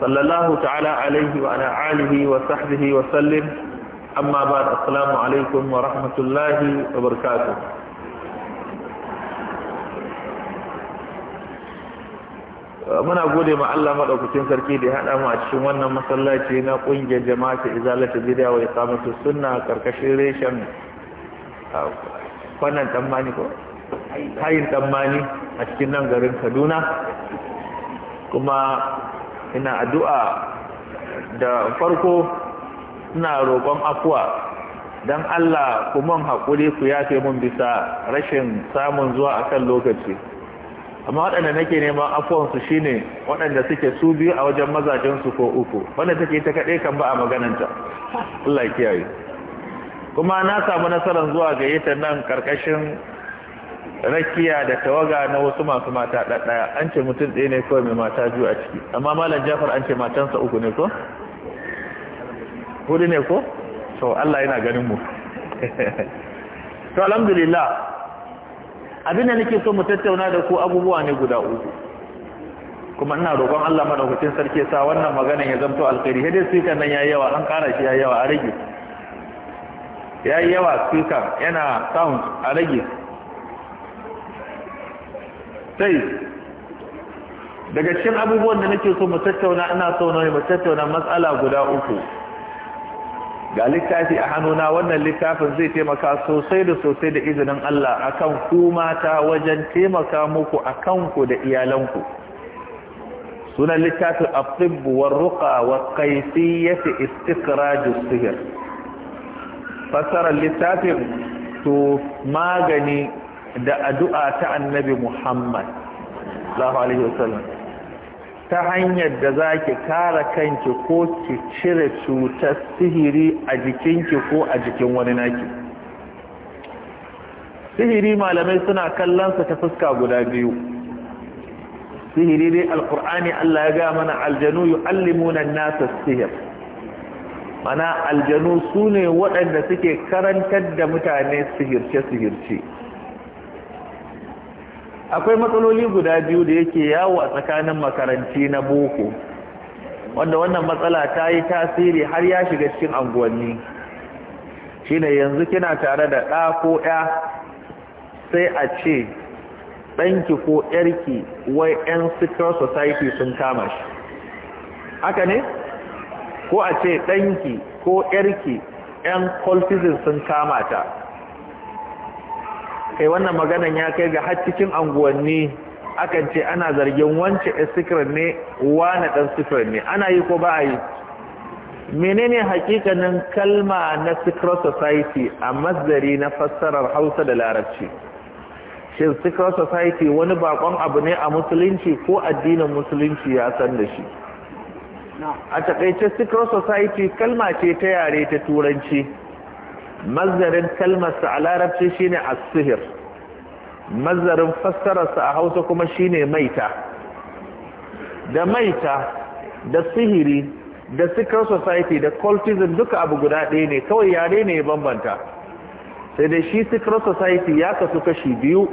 صلى الله تعالى عليه وعلى آله وصحبه وسلم أما بعد السلام عليكم ورحمة الله وبركاته muna gode ma Allah madaukakin sarki da ya hada mu a cikin wannan masallaci na kungiyar jama'a ta bid'a wa iqamatu sunna karkashin reshen wannan tsammani ko hayin tsammani a cikin nan garin Kaduna kuma ina addu'a da farko ina roƙon afuwa don Allah ku mun haƙuri ku yafe mun bisa rashin samun zuwa akan lokaci amma waɗanda nake neman afuwansu shine waɗanda suke su biyu a wajen mazajensu ko uku wanda take ta kaɗai kan ba a magananta Allah kiyaye kuma na samu nasarar zuwa gayyatar nan ƙarƙashin rakiya da tawaga na wasu masu mata ɗaɗɗaya an ce mutum ɗaya ne kawai mai mata biyu a ciki amma malam jafar an ce matansa uku ne ko? hudu ne ko? to Allah yana ganin mu to alhamdulillah abin da nake so mu tattauna da ku abubuwa ne guda uku kuma ina roƙon Allah madaukakin sarki sa wannan magana ya zanto alkhairi hadin sikan nan yayi yawa an ƙara shi yayi yawa a rage yayi yawa sikan yana sound a rage sai daga cikin abubuwan da nake so mu tattauna ina so na mu tattauna matsala guda uku ga littafi a hannuna wannan littafin zai taimaka sosai da sosai da izinin Allah akan ku mata wajen taimaka muku akan ku da iyalanku sunan littafin at-tibb war-ruqa wa kayfiyyat istikraj as-sihr fasara littafin to magani da addu'a ta annabi Muhammad wasallam ta hanyar da zaki kara kanki ko ki cire cutar sihiri a jikinki ko a jikin wani naki sihiri malamai suna kallon ta fuska guda biyu sihiri dai alqur'ani Allah ya ga mana aljanu yu'allimuna an-nasa sihir mana aljanu sune waɗanda suke karantar da mutane sihirce sihirce akwai matsaloli guda biyu da yake yawo a tsakanin makaranti na boko wanda wannan matsala ta yi tasiri har ya shiga cikin anguwanni ne yanzu kina tare da ɗa ko ya sai a ce ɗanki ko ƴarki wai ƴan secret society sun kama shi haka ne ko a ce ɗanki ko ‘yarki ƴan cultism sun kama ta kai wannan maganan ya kai ga har cikin anguwanni akan ce ana zargin wance sikirar ne wane dan sikirar ne ana yi ko ba a yi menene hakikanin kalma na secret society a mazari na fassarar hausa da larabci shin secret society wani bakon abu ne a musulunci ko addinin musulunci ya san da shi a takaice secret society kalma ce ta yare ta turanci mazarin kalmarsa a larabci shine a sihir mazarin fassararsa a Hausa kuma shine maita da maita da sihiri da secret society da cultism duka abu guda ɗaya ne kawai yare ne ya bambanta sai dai shi secret society ya kasu kashi biyu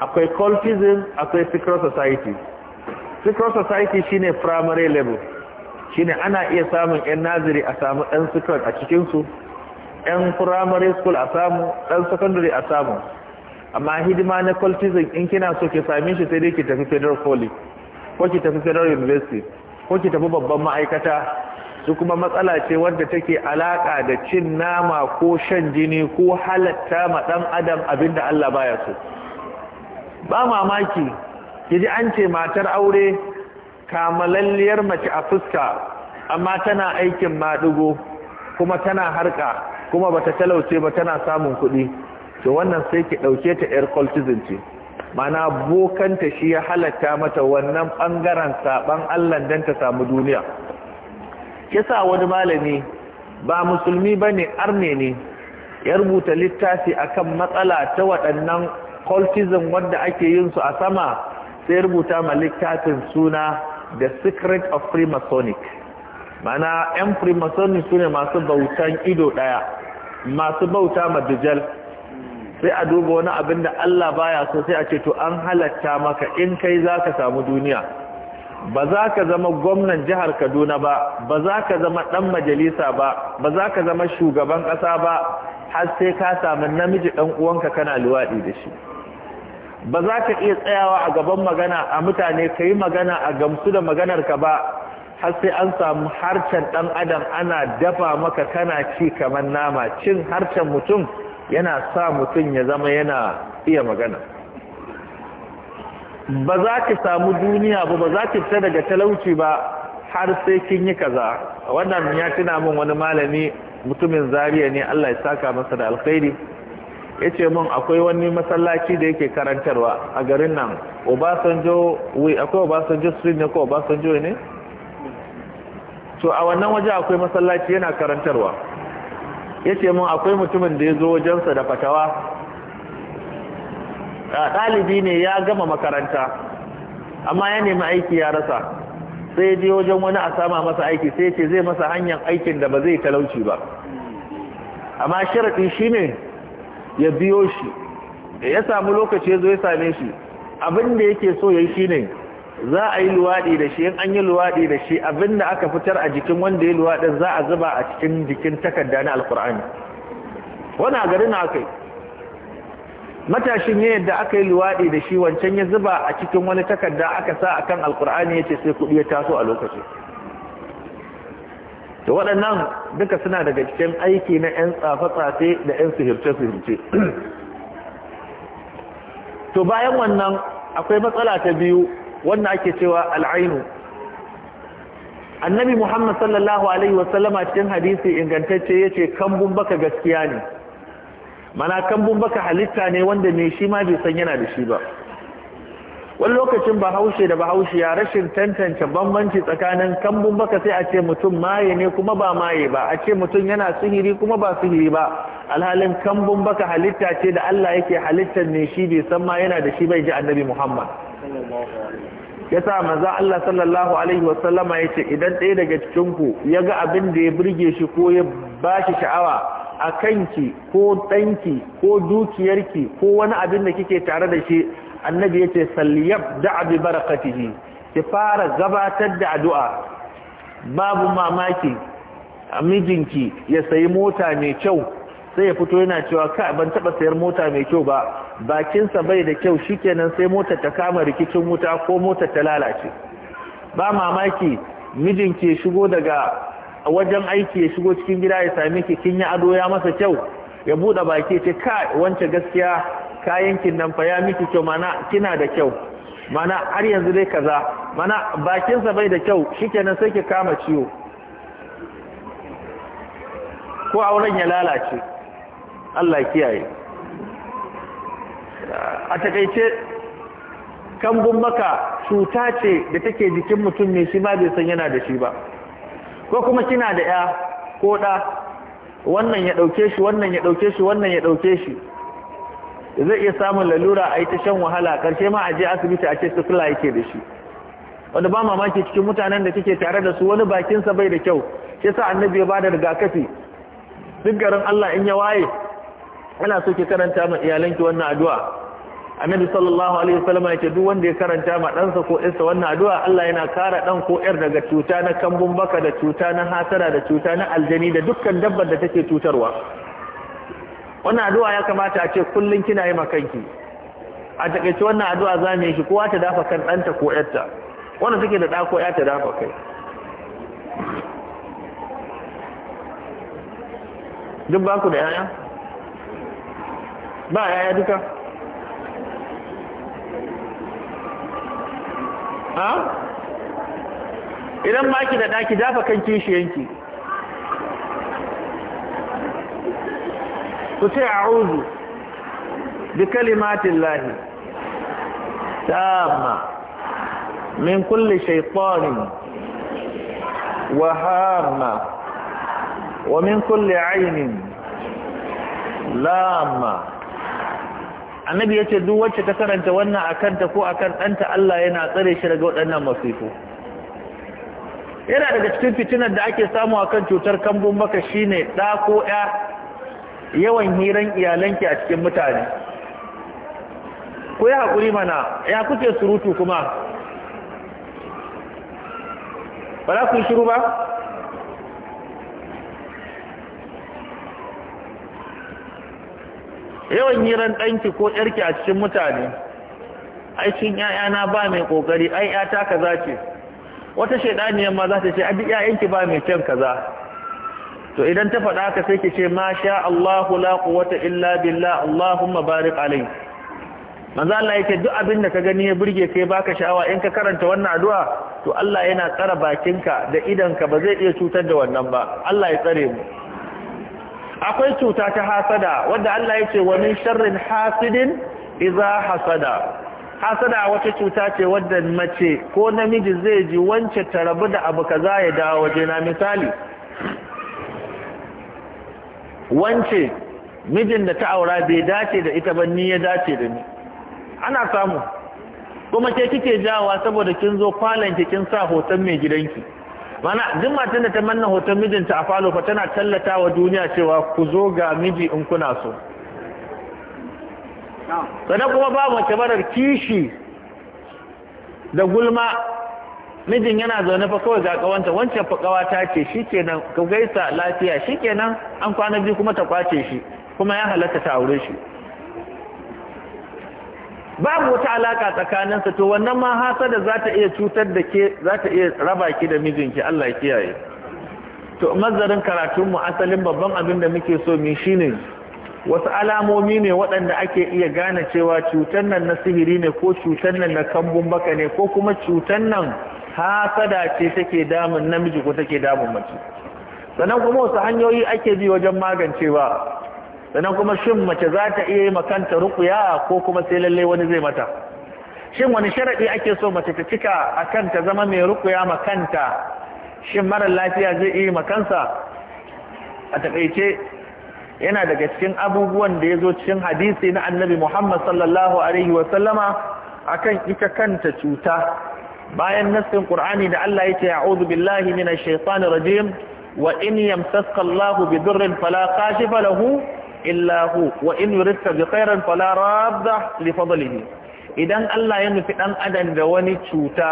akwai cultism akwai secret society secret society shine primary level shine ana iya samun yan naziri a samu ɗan secret a cikinsu yan primary school a samu ɗan secondary a samu amma hidima na cultism in kina so ki same shi sai dai ki tafi federal college ko ki tafi federal university ko ki tafi babban ma'aikata su kuma matsala ce wadda take alaka da cin nama ko shan jini ko halatta ma dan adam abinda Allah baya so ba mamaki kiji an ce matar aure kamalalliyar mace a fuska amma tana aikin madugo kuma tana harka kuma bata talauce ba tana samun kuɗi to wannan sai ki ɗauke ta yar cultism ce mana bokanta shi ya halatta mata wannan ɓangaren saɓan allah dan ta samu duniya kisa wani malami ba musulmi ba ne arne ne ya rubuta littafi akan matsala ta waɗannan cultism wadda ake yin su a sama sai rubuta ma littafin suna the secret of freemasonic mana yan freemasonic sune masu bautan ido ɗaya masu bauta ma sai a duba wani abin da Allah baya so sai a ce to an halatta maka in kai zaka samu duniya ba za ka zama gwamnan jihar Kaduna ba ba za ka zama ɗan majalisa ba ba za ka zama shugaban ƙasa ba har sai ka samu namiji ɗan uwanka kana luwaɗi da shi ba za ka iya tsayawa a gaban magana a mutane ka yi magana a gamsu da maganarka ba har sai an samu harcen ɗan adam ana dafa maka kana ci kamar nama cin harcen mutum yana sa mutum ya zama yana iya magana ba za ki samu duniya ba ba za ki fita daga talauci ba har sai kin yi kaza wannan ya tuna min wani malami mutumin zariya ne Allah ya saka masa da alkhairi ya ce min akwai wani masallaci da yake karantarwa a garin nan obasanjo akwai obasanjo street ne ko obasanjo ne to a wannan waje akwai masallaci yana karantarwa yace mun akwai mutumin da ya zo wajensa da fatawa A dalibi ne ya gama makaranta amma ya nemi aiki ya rasa sai je wajen wani a sama masa aiki sai yace zai masa hanyar aikin da ba zai talauci ba amma sharaɗi shi ya biyo shi ya samu lokaci yazo ya same shi abin da yake so yayi shine za a yi luwaɗi da shi in an yi luwaɗi da shi abinda aka fitar a jikin wanda ya luwaɗin za a zuba a cikin jikin takarda na alkur'ani wani a na aka yi matashin ne yadda aka yi luwaɗi da shi wancan ya zuba a cikin wani takarda aka sa a kan alkur'ani ya ce sai kuɗi ya taso a lokaci da waɗannan duka suna daga cikin aiki na 'yan tsafe-tsafe da 'yan sihirce-sihirce to bayan wannan akwai matsala ta biyu wannan ake cewa al'ainu annabi muhammad sallallahu alaihi wasallama cikin hadisi ingantacce ya ce kambun baka gaskiya ne mana kambun baka halitta ne wanda mai shi ma bai san yana da shi ba wani lokacin bahaushe da ya rashin tantance bambanci tsakanin kambun baka sai a ce mutum maye ne kuma ba maye ba a ce mutum yana sihiri kuma ba sihiri ba alhalin kambun baka halitta ce da allah yake halittar ne shi bai san ma yana da shi bai ji annabi muhammad yasa maza Allah sallallahu alaihi wasallama ce idan ɗaya daga cikin ku ga abin da ya burge shi ko ya ba shi sha'awa a kanki ko ɗanki ko dukiyarki ko wani abin da kike tare da shi annabi ya ce yace da abi barakatihi ki fara gabatar da addu'a babu mamaki a mijinki ya sayi mota mai kyau sai ya fito yana cewa ka ban taba sayar mota mai kyau ba bakinsa bai da kyau shikenan sai motar ta kama rikicin wuta ko motar ta lalace ba mamaki mijin ke shigo daga wajen aiki ya shigo cikin gida ya sami ki kin yi ado ya masa kyau ya bude baki ce ka wance gaskiya kayan kin nan fa ya miki kyau mana kina da kyau mana har yanzu dai kaza mana bakinsa bai da kyau shikenan sai ki kama ciwo ko auren ya lalace Allah kiyaye a takaice kambun baka cuta ce da take jikin mutum ne shi ma bai san yana da shi ba ko kuma kina da ya ko da wannan ya dauke shi wannan ya dauke shi wannan ya dauke shi zai iya samun lalura a yi ta shan wahala karshe ma a je asibiti a ce sufula yake da shi wanda ba mamaki cikin mutanen da kike tare da su wani bakinsa bai da kyau shi sa annabi ya bada rigakafi duk garin Allah in ya waye ana so ki karanta ma iyalanki wannan addu'a annabi sallallahu alaihi wasallam yace duk wanda ya karanta ma ɗansa ko ɗansa wannan addu'a Allah yana kare ɗan ko ƴar daga cuta na kambun baka da cuta na hasara da cuta na aljani da dukkan dabbar da take cutarwa wannan addu'a ya kamata a ce kullun kina yi kanki a takaice wannan addu'a za mu yi shi kowa ta dafa kan ɗanta ko ƴarta wanda take da ɗa ko ƴa ta dafa kai duk ba ku da 'ya'ya ba yaya duka ha idan ba ki da daki dafa kan kishiyanki ku ce a uzu bi kalimatin lahi ma. min kulle Wahama. Wa min kulle ainihin lama annabi ya ce duk wacce ta karanta wannan a kanta ko a kan ɗanta Allah yana tsare shi daga waɗannan masifu yana daga cikin fitinar da ake samu a kan cutar kambun maka shi ne ɗa ko ya yawan hiran iyalanki a cikin mutane ku yi haƙuri mana ya kuke surutu kuma ba za ku yi shiru ba yawan hiran ɗanki ko ƴarki a cikin mutane Aikin ƴaƴa na ba mai kokari ai ƴata kaza ce wata shaidaniyar ma za ta ce abi ƴaƴanki ba mai kyan kaza to idan ta faɗa ka sai ki ce ma sha Allahu la quwwata illa billah Allahumma barik alayhi manzo Allah yake duk abin da ka gani ya burge kai baka sha'awa in ka karanta wannan addu'a to Allah yana tsara bakinka da idanka ba zai iya cutar da wannan ba Allah ya tsare mu akwai cuta ta hasada wadda Allah ya ce wa min sharrin hasidin Iza hasada hasada wata cuta ce wadda mace ko namiji zai ji wance ta rabu da abu kaza ya dawo waje na misali wance mijin da ta aura bai dace da ita ba ni ya dace da ni ana samu kuma ke kike jawa saboda kin zo kwalanki kin sa hoton mai gidanki mana duk matan da ta manna hoton mijinta a falo fa tana tallata wa duniya cewa ku zo ga miji in kuna so sannan kuma ba mace tabarar kishi da gulma mijin yana zaune fa kawai ga kawanta wancan fa kawata ce shikenan ku gaisa lafiya shikenan an kwana biyu kuma ta kwace shi kuma ya halatta ta aure shi babu wata alaka tsakanin su to wannan ma hasada za ta iya cutar da ke za ta iya raba ki da mijinki Allah ya kiyaye to mazarin mu asalin babban abin da muke so mu shine wasu alamomi ne waɗanda ake iya gane cewa cutar nan na sihiri ne ko cutar nan na kambun baka ne ko kuma cutar nan hasada ce take damun namiji ko take damun mace sannan kuma wasu hanyoyi ake bi wajen magancewa sannan kuma shin mace za ta iya yi makanta rukuya ko kuma sai lallai wani zai mata shin wani sharaɗi ake so mace ta cika a ta zama mai rukuya makanta shin marar lafiya zai iya makansa a takaice yana daga cikin abubuwan da ya zo cikin hadisi na annabi muhammad sallallahu alaihi sallama akan ita kanta cuta bayan nassin qur'ani da Allah ce a'udhu billahi minash shaitani rajim wa in yamsaska bi bidurrin fala kashifa lahu illa hu wa in yuridka bi khairin fala radda li fadlihi idan Allah ya nufi dan adam da wani cuta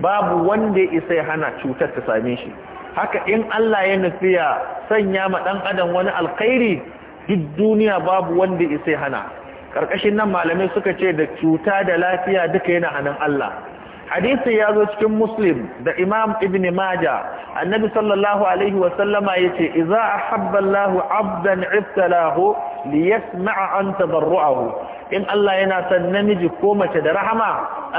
babu wanda isa ya hana cutar ta same shi haka in Allah ya nufi ya sanya ma dan adam wani alkhairi duk duniya babu wanda isa ya hana karkashin nan malamai suka ce da cuta da lafiya duka yana hannun Allah hadisi ya zo cikin muslim da imam ibn maja annabi sallallahu alaihi wasallama ya ce iza ahabba allahu abdan ibtalahu liyasma'a an tabarru'ahu in Allah yana san namiji ko mace da rahama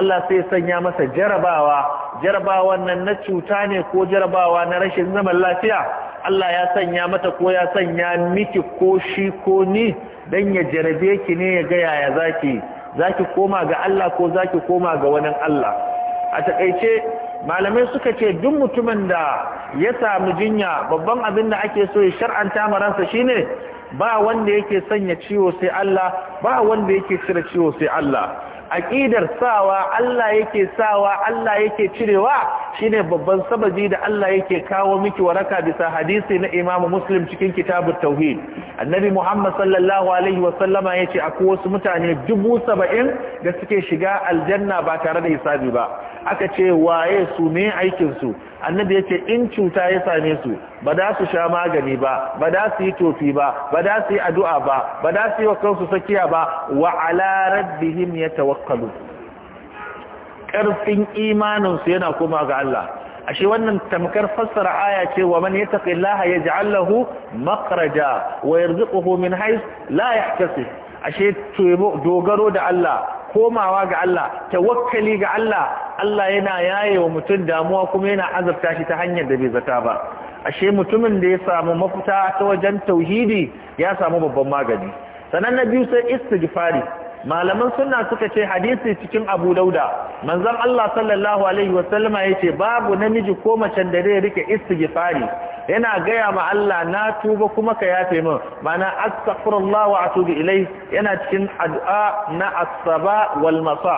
Allah sai sanya masa jarabawa jarabawa nan na cuta ne ko jarabawa na rashin zaman lafiya Allah ya sanya mata ko ya sanya miki ko shi ko ni dan ya jarabe ki ne ya ga yaya zaki zaki koma ga Allah ko zaki koma ga wani Allah a takaice malamai suka ce duk mutumin da ya samu jinya babban abin da ake so ya shar'anta maransa shine ba wanda yake sanya ciwo sai Allah ba wanda yake cire ciwo sai Allah aqidar sawa Allah yake sawa Allah yake cirewa shine babban sababi da Allah yake kawo miki waraka bisa hadisi na Imam Muslim cikin kitabut tauhid annabi Muhammad sallallahu alaihi wa sallama yace akwai wasu mutane 70 da suke shiga aljanna ba tare da hisabi ba aka ce waye su ne aikin su annabi ya ce in cuta ya same su ba da su sha magani ba ba da su yi tofi ba ba da su yi addu'a ba ba da su yi wa kansu sakiya ba wa ala rabbihim yatawakkalu karfin imanin su yana koma ga Allah ashe wannan tamkar fassara aya ce wa man yattaqillaha yaj'al lahu makhraja wa yarzuquhu min hayth la yahtasib ashe dogaro da Allah komawa ga Allah tawakkali ga Allah Allah yana yaye wa mutum damuwa kuma yana azabta shi ta hanyar da bai zata ba ashe mutumin da ya samu mafita ta wajen tauhidi ya samu babban magani sanan na biyu sai istighfari malaman sunna suka ce hadisi cikin Abu Dauda manzon Allah sallallahu alaihi wasallama yace babu namiji ko macen da zai rike istighfari yana gaya ma Allah na tuba kuma ka yafe min ma'ana astaghfirullah wa atubu ilai yana cikin addu'a na asaba wal masa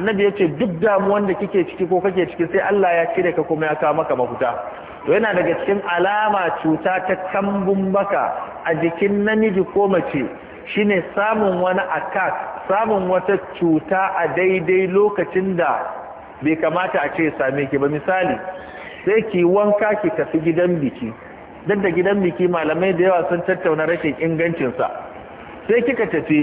annabi yace duk damuwan da kike ciki ko kake ciki sai Allah ya cire ka kuma ya ka maka mafuta to yana daga cikin alama cuta ta kambun baka a jikin namiji ko mace shine samun wani attack samun wata cuta a daidai lokacin da bai kamata a ce same ki ba misali sai ki wanka ki tafi gidan biki duk da gidan biki malamai da yawa sun tattauna rashin ingancinsa sai kika tafi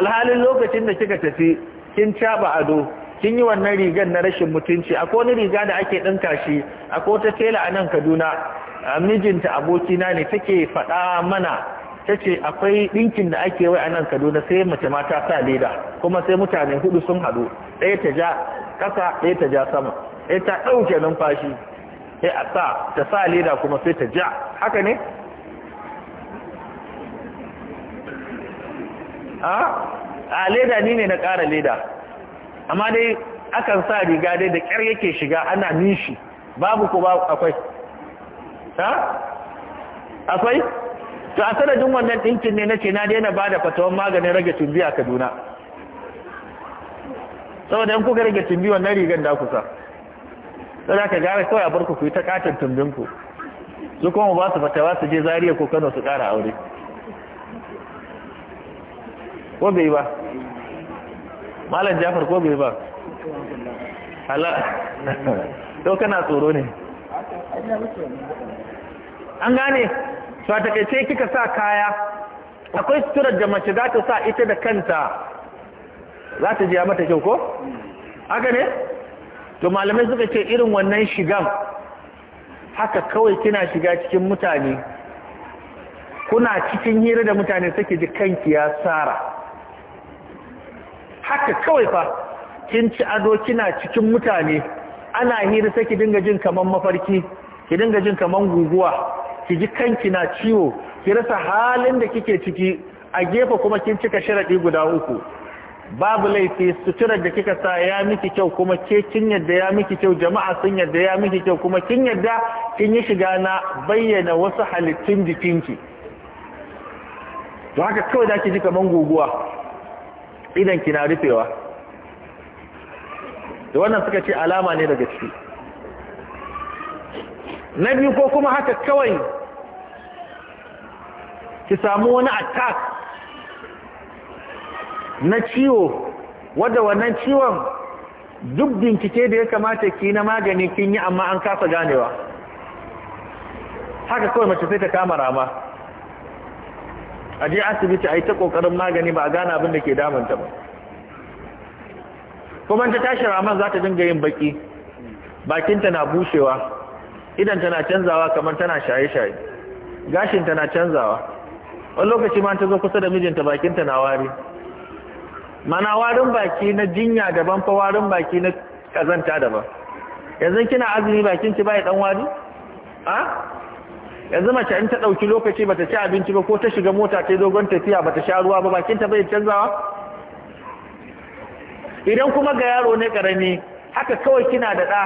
alhalin lokacin da kika tafi kin caba ado kin yi wannan rigar na rashin mutunci akwai wani riga da ake ɗinka shi akwai ta tela a nan kaduna mijinta abokina ne take faɗa mana ta ce akwai ɗinkin da ake wai a nan kaduna sai mace mata sa leda kuma sai mutane hudu sun haɗu ɗaya ta ja ƙasa ɗaya ta ja sama ɗaya ta ɗauke numfashi sai a sa ta sa leda kuma sai ta ja haka ne a leda ni ne na ƙara leda amma dai akan sa riga dai da ƙyar yake shiga ana nishi babu ko babu akwai ha akwai to a sanadin wannan ɗinkin ne na ce na daina ba da fatawan maganin rage tumbi a kaduna saboda yan kuka rage tumbi wannan rigar da kusa sai aka gare kawai a barku ku yi ta katin tumbin ku su kuma ba su fatawa su je zariya ko Kano su kara aure ko bai ba malam Jafar ko bai ba ala to kana tsoro ne an gane su a takaice kika sa kaya akwai suturar da mace za ta sa ita da kanta za ta jiya mata kyau ko? haka ne? to malamai suka ce irin wannan shigan haka kawai kina shiga cikin mutane kuna cikin hira da mutane suke ji kanki ya tsara haka kawai fa kin ci ado kina cikin mutane ana hira sai ki dinga jin kaman mafarki ki dinga jin kaman guguwa ki ji kanki na ciwo ki rasa halin da kike ciki a gefe kuma kin cika sharadi guda uku babu laifi suturar da kika sa ya miki kyau kuma ke kin yadda ya miki kyau jama'a sun yadda ya miki kyau kuma kin yadda kin yi shiga na bayyana wasu halittun jikinki to haka kawai da ki ji kaman guguwa idan kina rufewa da wannan suka ce alama ne daga ciki na biyu ko kuma haka kawai ki samu wani attack na ciwo wadda wannan ciwon duk bincike da ya kamata ki na magani kin yi amma an kasa ganewa haka kawai mace sai ta kama rama a je asibiti a yi ta kokarin magani ba a gane abin da ke damunta ba kuma ta tashi raman za ta dinga yin baki bakinta na bushewa idanta na canzawa kamar tana shaye-shaye gashinta na canzawa wani lokaci ma ta zo kusa da mijinta bakinta na wari mana warin baki na jinya daban fa warin baki na kazanta daban yanzu kina azumi bakin ki bai dan wari a yanzu mace in ta dauki lokaci bata ci abinci ba ko ta shiga mota ta dogon tafiya bata sha ruwa ba bakin ta bai canzawa idan kuma ga yaro ne karami haka kawai kina da da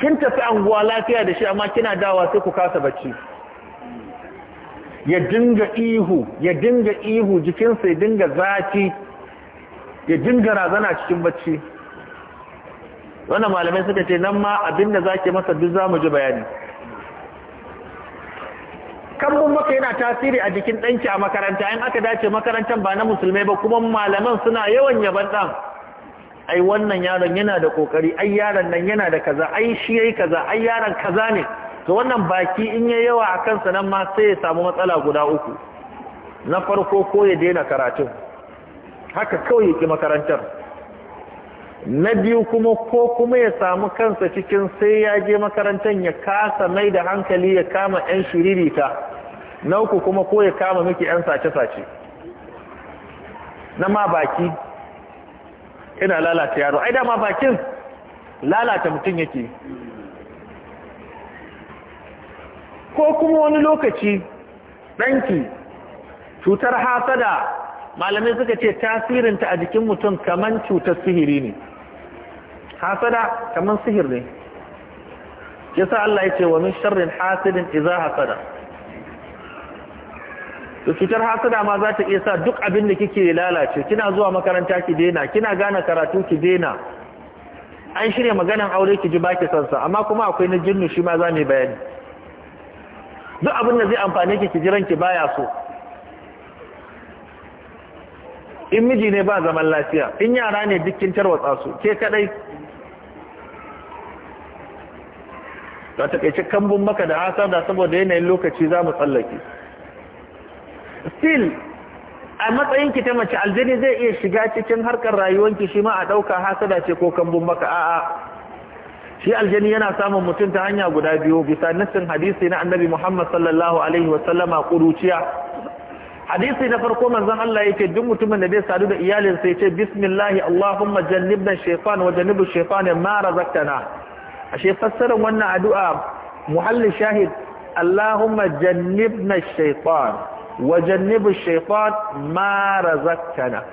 kin tafi anguwa lafiya da shi amma kina dawa sai ku kasa bacci ya dinga ihu ya dinga ihu jikinsa ya dinga zafi ya dinga razana cikin bacci wannan malamai suka ce nan ma abinda zake masa duk zamu ji bayani kambun maka yana tasiri a jikin ɗanki a makaranta in aka dace makarantar ba na musulmai ba kuma malaman suna yawan yaban ɗan ai wannan yaron yana da kokari ai yaron nan yana da kaza ai shi yayi kaza ai yaron kaza ne to wannan baki in yayi yawa a kansa nan ma sai ya samu matsala guda uku na farko ko ya daina karatu haka kawai ya ki makarantar na biyu kuma ko kuma ya samu kansa cikin sai ya je makarantar ya kasa mai da hankali ya kama 'yan shiririta na uku kuma ko ya kama miki 'yan sace-sace na ma baki ina lalata yaro ai dama bakin lalata mutum yake ko kuma wani lokaci ɗanki cutar hasada malamai suka ce tasirinta a jikin mutum kaman cutar sihiri ne hasada kaman sihir ne yasa Allah ya ce wa min sharrin hasidin idza hasada to cutar hasada ma za ta iya sa duk abin da kike lalace kina zuwa makaranta ki dena kina gane karatu ki dena an shirya maganan aure ki ji baki sansa amma kuma akwai na jinnu shi ma za mu bayani duk abin da zai amfani ki kijiran ki baya so in miji ne ba zaman lafiya in yara ne dukkin tarwatsa su ke kadai da ta kaice kambun maka da da saboda yanayin lokaci za mu tsallake still a matsayin ki ta mace aljini zai iya shiga cikin harkar rayuwarki, shi ma a ɗauka hasada ce ko kambun maka a'a shi aljani yana samun mutum ta hanya guda biyu bisa nassin hadisi na annabi Muhammad sallallahu alaihi wa sallama kuruciya hadisi na farko manzon Allah yake duk mutumin da zai sadu da iyalinsa yace bismillah Allahumma jannibna shaytan wa jannibu shaytan ma razaqtana ashe fassarar wannan addu'a muhallin shahid Allahumma jannibna shaytan wa jannibu shaytan ma razaqtana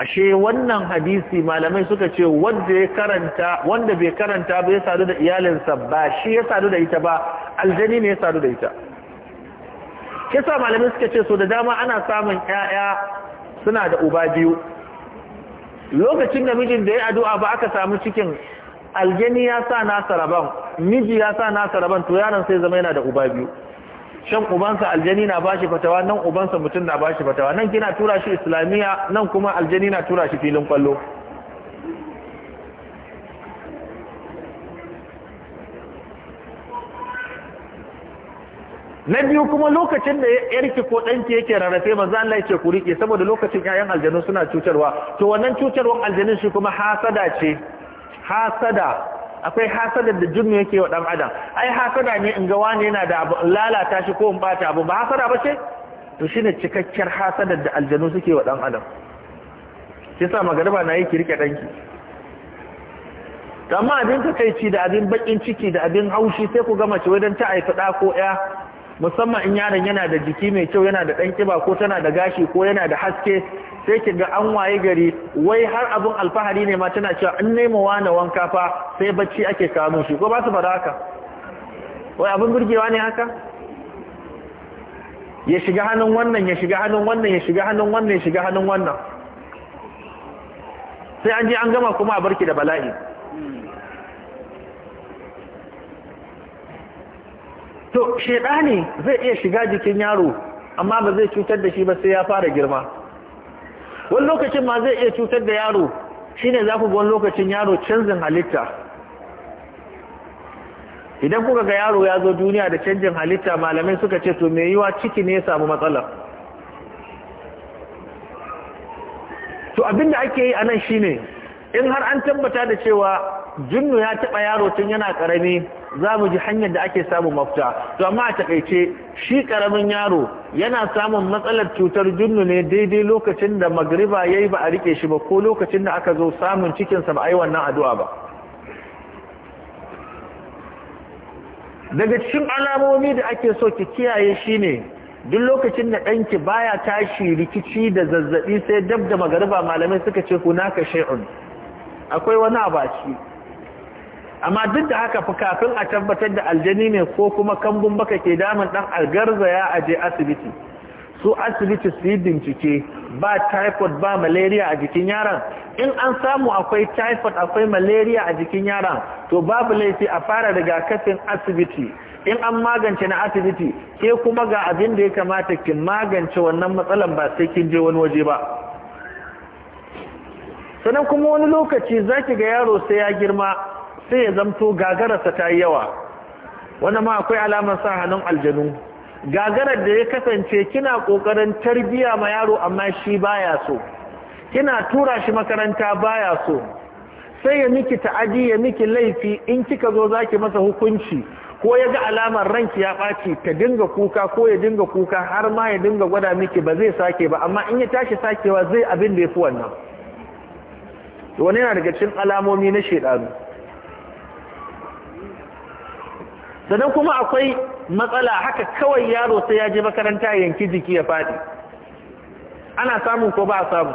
ashe wannan hadisi malamai suka ce wanda ya karanta wanda bai karanta ba ya sadu da iyalinsa ba shi ya sadu da ita ba aljani ne ya sadu da ita kisa malamai suka ce so da dama ana samun yaya suna da uba biyu lokacin da mijin da ya addu'a ba aka samu cikin aljani ya sa nasa rabon miji ya sa nasa rabon to yaron sai zama yana da uba biyu shan ubansa aljani na bashi fatawa nan ubansa mutum na bashi fatawa nan kina tura shi islamiyya nan kuma aljani na tura shi filin kwallo na biyu kuma lokacin da yarki ko ɗanki yake rarrafe manzo Allah yake ku rike saboda lokacin ƴaƴan aljanu suna cutarwa to wannan cutarwan aljanin shi kuma hasada ce hasada akwai hasadar da jinnu yake wa ɗan adam ai hasada ne in ga wani yana da abu lalata shi ko in bata abu ba hasada ba ce to shine cikakkiyar hasadar da aljanu suke wa ɗan adam shi sa magariba na yi ki kirke danki amma abin takaici da abin bakin ciki da abin haushi sai ku ga mace wajen ta haifi da ko ya musamman in yaron yana da jiki mai kyau yana da dan kiba ko tana da gashi ko yana da haske sai ki ga an waye gari wai har abun alfahari ne ma tana cewa in nemo wani wanka fa sai bacci ake kawo shi ko ba su fara haka wai abun burgewa ne haka ya shiga hannun wannan ya shiga hannun wannan ya shiga hannun wannan ya shiga hannun wannan sai an je an gama kuma a barki da bala'i to shedani zai iya shiga jikin yaro amma ba zai cutar da shi ba sai ya fara girma wani lokacin ma zai iya cutar da yaro shine za ku wani lokacin yaro canjin halitta idan kuka ga yaro ya zo duniya da canjin halitta malamai suka ce to mai yiwa ciki ne ya samu matsala to abinda ake yi a nan shine in har an tabbata da cewa jinnu ya taɓa yaro tun yana ƙarami za mu ji hanyar da ake samu mafita to amma a takaice shi ƙaramin yaro yana samun matsalar cutar jinnu ne daidai lokacin da magriba ya yi ba a riƙe shi ba ko lokacin da aka zo samun cikinsa ba a yi wannan addu'a ba daga cikin alamomi da ake so ki kiyaye shi ne, duk lokacin da ɗanki baya tashi rikici da zazzaɓi sai dabda da magariba malamai suka ce ka shay'un akwai wani abaci amma duk da haka kafin a tabbatar da aljani ne ko kuma kambun baka ke damun dan algarza ya aje asibiti su asibiti su yi bincike ba typhoid ba malaria a jikin yaran in an samu akwai typhoid akwai malaria a jikin yaran to babu laifi a fara daga kafin asibiti in an magance na asibiti ke kuma ga abin da ya kamata kin magance wannan matsalan ba sai kin je wani waje ba sannan kuma wani lokaci za ki ga yaro sai ya girma sai ya zamto gagararsa ta yi yawa wani ma akwai alamar sa hannun aljanu gagarar da ya kasance kina kokarin tarbiya ma yaro amma shi baya so kina tura shi makaranta baya so sai ya miki ta'adi ya miki laifi in kika zo za ki masa hukunci ko ya ga alamar ranki ya ɓaci ta dinga kuka ko ya dinga kuka har ma ya dinga gwada miki ba zai sake ba amma in ya tashi sakewa zai abin da ya fi wannan wani yana daga cikin alamomi na shedanu sannan kuma akwai matsala haka kawai yaro sai ya je makaranta ya yanki jiki ya fadi ana samun ko ba a samu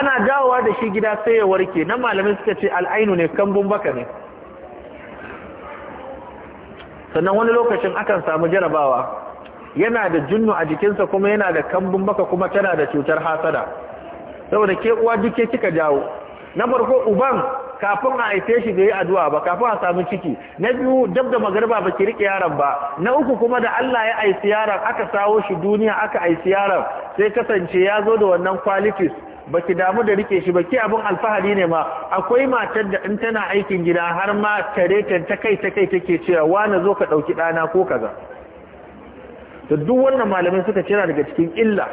ana dawowa da shi gida sai ya warke nan malamai suka ce al'ainu ne kambun baka ne sannan wani lokacin akan samu jarabawa yana da junnu a jikinsa kuma yana da kambun baka kuma tana da cutar hasada saboda ke uwa duk kika jawo na farko uban kafin a haife shi bai yi addu'a ba kafin a samu ciki na biyu dab da magarba ba ki rike yaron ba na uku kuma da Allah ya aisi yaron aka sawo shi duniya aka aisi yaron sai kasance ya zo da wannan qualities baki damu da rike shi ba baki abin alfahari ne ma akwai matar da in tana aikin gida har ma tare ta kai ta kai take cewa wani zo ka dauki dana ko kaza to duk wannan malamin suka cira daga cikin illa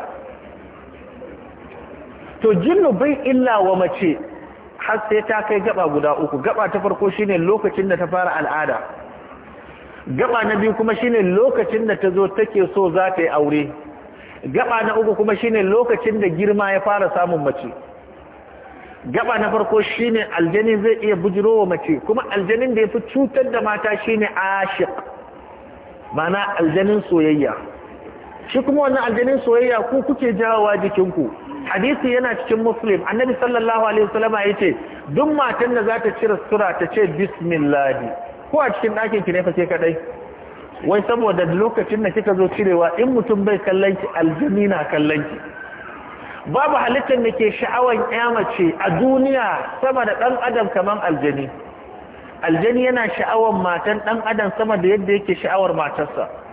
to jinnu bai illa wa mace har sai ta kai gaba guda uku gaba ta farko shine lokacin da ta fara al'ada gaba na biyu kuma shine lokacin da ta zo take so za ta yi aure gaba na uku kuma shine lokacin da girma ya fara samun mace gaba na farko shine aljani zai iya bujiro wa mace kuma aljanin da ya fi cutar da mata shine ashiq mana aljanin soyayya shi kuma wannan aljanin soyayya ku kuke jawowa jikinku hadisi yana cikin muslim annabi sallallahu alaihi ya yace duk matan da zata cire sura ta ce bismillah ko a cikin ɗakin ki ne fa sai kadai wai saboda lokacin da kika zo cirewa in mutum bai kallanki, ki aljani na kallon babu halittar da ke sha'awan mace a duniya sama da ɗan adam kaman aljani aljani yana sha'awan matan ɗan adam sama da yadda yake sha'awar matarsa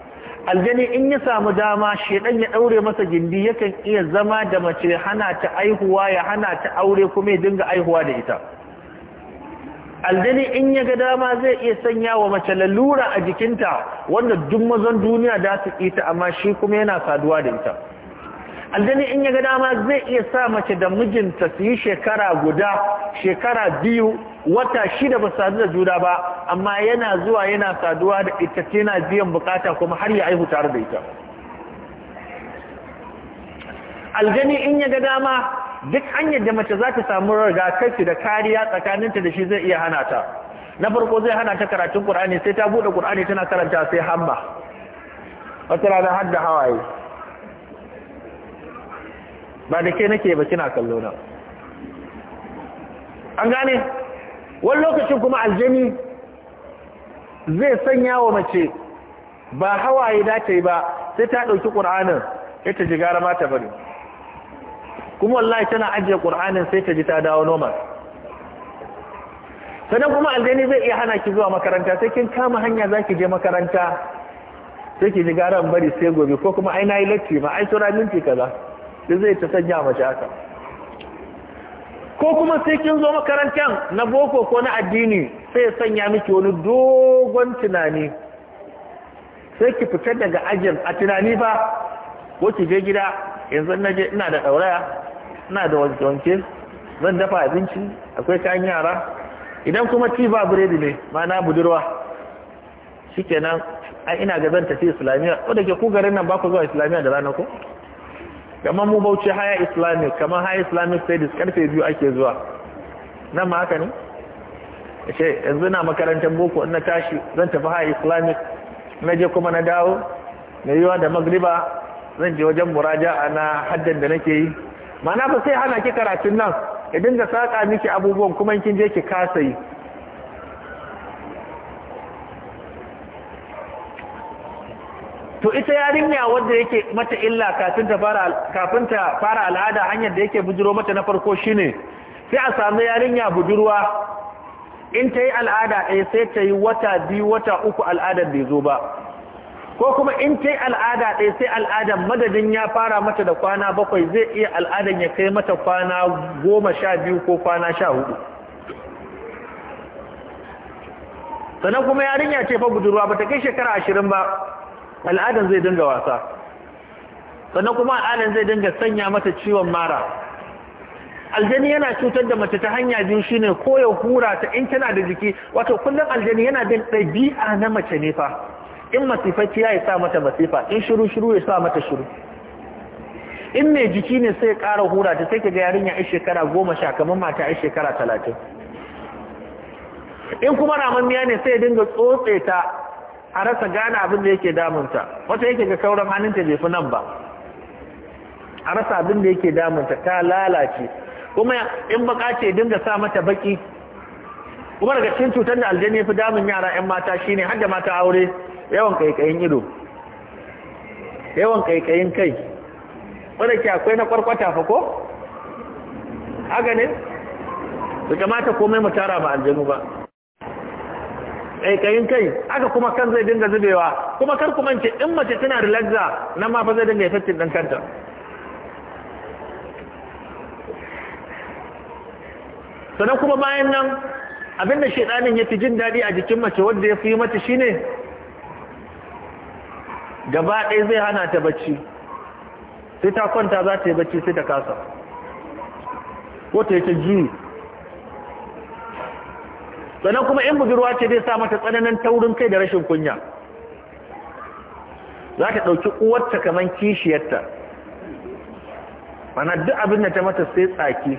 aljani in ya samu dama shedan ya daure masa gindi yakan iya zama da mace hana ta aihuwa ya hana ta aure kuma ya dinga aihuwa da ita aljani in ya ga dama zai iya sanya wa mace lalura a jikinta wanda duk mazan duniya da su ita amma shi kuma yana saduwa da ita aljani in ya ga dama zai iya sa mace da mijinta su yi shekara guda shekara biyu wata shida ba sadu da juna ba amma yana zuwa yana saduwa da ita na biyan bukata kuma har ya aihu tare da ita aljani in ya ga dama duk hanyar da mace za ta samu raga kai da kariya tsakaninta da shi zai iya hana ta na farko zai hana ta karatun qur'ani sai ta bude qur'ani tana karanta sai hamma wata rana har da hawaye ba da ke nake ba kina kallo na an gane wani lokacin kuma aljani zai sanya wa mace ba hawaye dace ba sai ta ɗauki ƙur'anin ya ta ji gara ma bari kuma wallahi tana ajiye ƙur'anin sai ta ji ta dawo noma sannan kuma aljani zai iya hana ki zuwa makaranta sai kin kama hanya za ki je makaranta sai ki ji gara bari sai gobe ko kuma ai na yi latti ma ai tura minti kaza da zai ta sanya mace haka ko kuma sai kin zo makarantar na boko ko na addini sai sanya miki wani dogon tunani sai ki fitar daga ajin a tunani ba ko ki je gida yanzu na je ina da ɗauraya ina da wanke zan dafa abinci akwai kayan yara idan kuma ci ba biredi ne ma na budurwa shikenan ai ina ga zan tafi islamiyya ko da ke ku garin nan ba ku zuwa islamiyya da ranar ku kamar mu bauchi haya islamic kamar haya islamic studies karfe biyu ake zuwa nan ma haka ne ashe yanzu na makarantar boko na tashi zan tafi haya islamic na je kuma na dawo mai yiwa da magriba zan je wajen muraja na haddan da nake yi mana ba sai hana ki karatun nan idan da saka miki abubuwan kuma kin je ki kasa yi to ita yarinya wanda yake mata illa kafin ta fara kafin ta fara al'ada hanyar da yake bujiro mata na farko shine sai a samu yarinya budurwa in ta yi al'ada ɗaya sai ta yi wata biyu wata uku al'adar bai zo ba ko kuma in ta yi al'ada ɗaya sai al'adar madadin ya fara mata da kwana bakwai zai iya al'adar ya kai mata kwana goma sha biyu ko kwana sha hudu sannan kuma yarinya ce fa budurwa ba ta kai shekara ashirin ba al'adan zai dinga wasa sannan kuma al'adan zai dinga sanya mata ciwon mara aljani yana cutar da mace ta hanya biyu shine ko ya hura ta in tana da jiki wato kullum aljani yana bin ɗabi'a na mace ne fa in masifaci ya sa mata masifa in shiru shiru ya sa mata shiru in mai jiki ne sai ƙara hura ta sai ka ga yarinya a shekara goma sha kamar mata a shekara talatin in kuma ramammiya ne sai dinga tsotse ta a rasa gane abin da yake damunta wata yake ga sauran hannunta bai fi nan ba a rasa abin da yake damunta ta lalace kuma in baka ce dinga sa mata baki kuma daga cikin cutar da aljani ya fi damun yara 'yan mata shine har da mata aure yawan kaikayin ido yawan kaikayin kai wanda ke akwai na kwarkwata fa ko haka ne bai kamata komai mu tara ba aljanu ba kaikayin kai aka kuma kan zai dinga zubewa kuma kar ku ce in mace tana relaxa nan ma fa zai dinga effectin din kanta sannan kuma bayan nan abinda shedanin ya fi jin daɗi a jikin mace wanda ya fi mata shine gaba ɗaya zai hana ta bacci sai ta kwanta za ta yi bacci sai ta kasa ko ta yi ta juyi sannan kuma in budurwa ce zai sa mata tsananin taurin kai da rashin kunya za ta ɗauki uwarta kamar kishiyarta mana duk abin da ta mata sai tsaki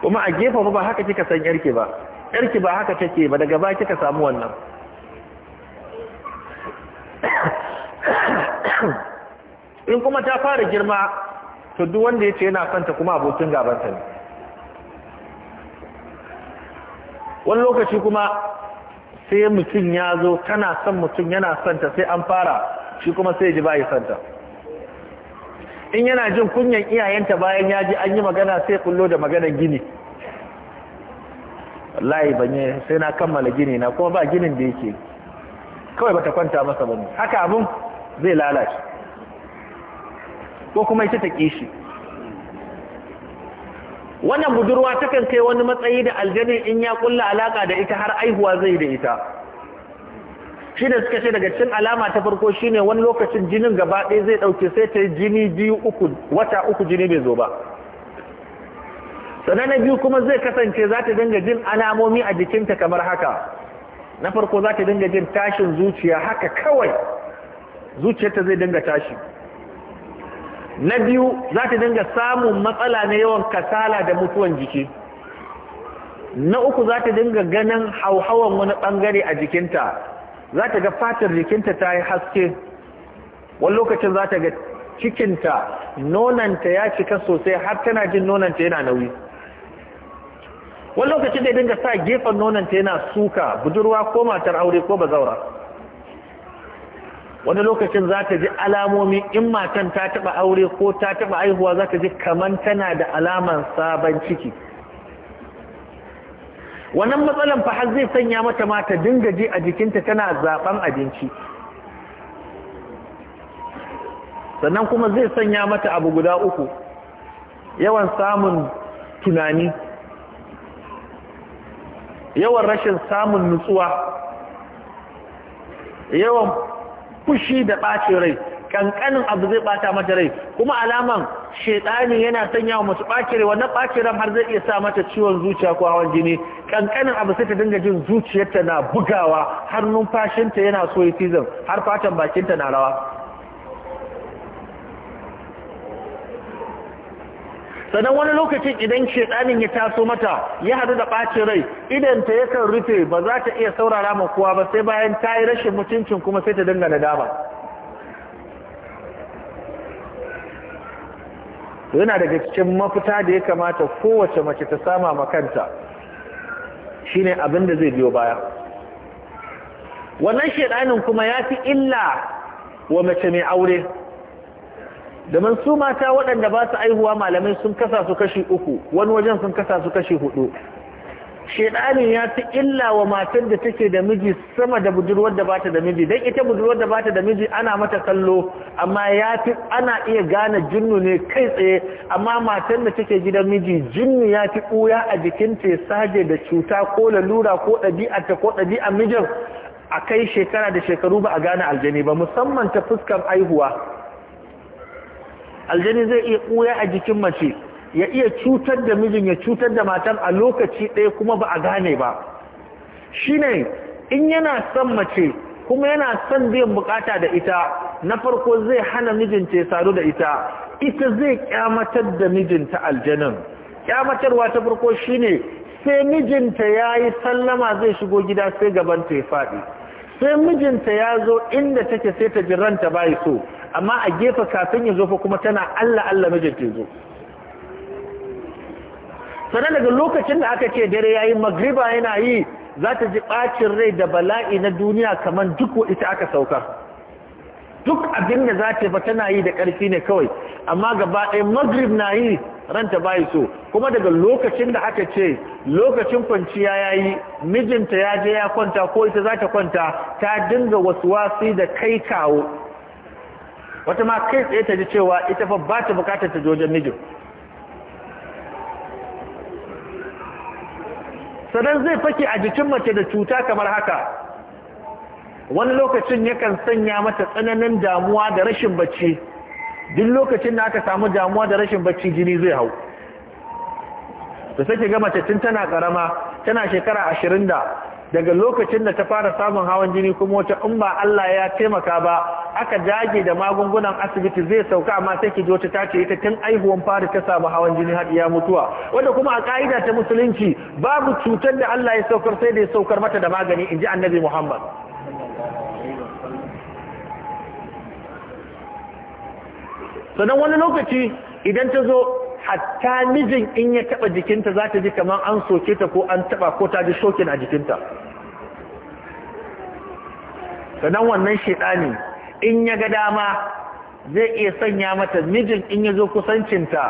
kuma a gefa ba haka kika san yarki ba yarki ba haka take ba daga ba kika samu wannan in kuma ta fara girma to duk wanda ya ce yana fanta kuma abokin gabanta ne wani lokaci kuma sai mutum ya zo tana son mutum yana santa sai an fara shi kuma sai ji bayi santa in yana jin kunyan iyayenta bayan ya ji an yi magana sai kullo da maganar gini wallahi banye sai na kammala gini na kuma ba ginin da yake kawai bata kwanta masa bane haka abun zai lalace ko kuma ita ta kishi wannan budurwa takan kai wani matsayi da aljani in ya kulla alaka da ita har aihuwa zai da ita shi da suka ce daga cin alama ta farko shine wani lokacin jinin gaba ɗaya zai ɗauke sai ta yi jini biyu uku wata uku jini bai zo ba sannan na biyu kuma zai kasance za ta dinga jin alamomi a jikinta kamar haka na farko za ta dinga jin tashin zuciya haka kawai zuciyarta zai dinga tashi na biyu za ta dinga samun matsala na yawan kasala da mutuwan jiki na uku za ta dinga ganin hauhawan wani bangare a jikinta za ta ga fatar jikinta ta yi haske wani lokacin za ta ga cikinta nonanta ya cika sosai har tana jin nonanta yana nauyi wani lokacin da dinga sa gefen nonanta yana suka budurwa ko matar aure ko bazaura wani lokacin za ta ji alamomi in matan ta taɓa aure ko ta taɓa aihuwa za ta ji kaman tana da alaman sabon ciki wannan matsalan fa har zai sanya mata mata dinga ji a jikinta tana zaɓen abinci sannan kuma zai sanya mata abu guda uku yawan samun tunani yawan rashin samun nutsuwa yawan fushi da ɓacin rai ƙanƙanin abu zai ɓata mata rai kuma alaman shaiɗani yana sanya wa mace rai wannan rai har zai iya sa mata ciwon zuciya ko hawan jini ƙanƙanin abu sai ta dinga jin zuciyarta na bugawa har numfashinta yana so ya har fatan bakinta na rawa sannan wani lokacin idan shedanin ya taso mata ya hadu da ɓacin rai idan ta yakan rufe ba za ta iya saurara ma kowa ba sai bayan ta yi rashin mutuncin kuma sai ta dinga nadama yana daga cikin mafita da ya kamata kowace mace ta sama makanta ne abin da zai biyo baya wannan shedanin kuma ya fi illa wa mace mai aure Da su mata waɗanda ba su aihuwa malamai sun kasa su kashi uku wani wajen sun kasa su kashi hudu shedanin ya fi illa wa matar da take da miji sama da budurwar da bata da miji dan ita budurwar da bata da miji ana mata kallo amma ya fi ana iya gane jinnu ne kai tsaye amma matar da take gidan miji jinnu ya fi ɓuya a jikin ta saje da cuta ko lalura ko ɗabi'ar ta ko ɗabi'ar mijin a kai shekara da shekaru ba a gane aljani ba musamman ta fuskar aihuwa aljani zai iya ɓuya a jikin mace ya iya cutar da mijin ya cutar da matan a lokaci ɗaya kuma ba a gane ba shine in yana son mace kuma yana son biyan bukata da ita na farko zai hana mijinta ya saru da ita ita zai kyamatar da mijinta aljanin kyamatarwa ta farko shine sai mijinta ya yi sallama zai shigo gida sai gabanta ya faɗi sai mijinta ya zo inda take sai ta jiranta bai so amma a gefe kafin ya zo fa kuma tana Allah Allah mijinta zo sannan daga lokacin da aka ce dare yayi magriba yana yi za ta ji ɓacin rai da bala'i na duniya kamar duk ita aka sauka duk abin da za ta fa tana yi da ƙarfi ne kawai amma gaba ɗaya magrib na yi ranta bayi so kuma daga lokacin da aka ce lokacin kwanciya ya yi mijinta ya je ya kwanta ko ita za ta kwanta ta dinga wasu wasi da kai kawo wata ma kai tsaye ta ji cewa ita fa ba ta bukatar ta jojen mijin sadan zai fake a jikin mace da cuta kamar haka wani lokacin yakan sanya mata tsananin damuwa da rashin bacci duk lokacin da aka samu damuwa da rashin bacci jini zai hau da sake ga mace tun tana karama tana shekara ashirin da daga lokacin da ta fara samun hawan jini kuma wata in ba Allah ya taimaka ba aka dage da magungunan asibiti zai sauka amma sai ki ta tace ita tun aihuwan fara ta samu hawan jini har ya mutuwa wanda kuma a ka'ida ta musulunci babu cutar da Allah ya saukar sai da ya saukar mata da magani in ji annabi Muhammad sannan wani lokaci idan ta zo hatta mijin in ya taba jikinta za ta ji kamar an soke ta ko an taba ko ta ji shokin a jikinta sannan wannan shaidani in ya ga dama zai iya sanya mata mijin in ya zo kusancinta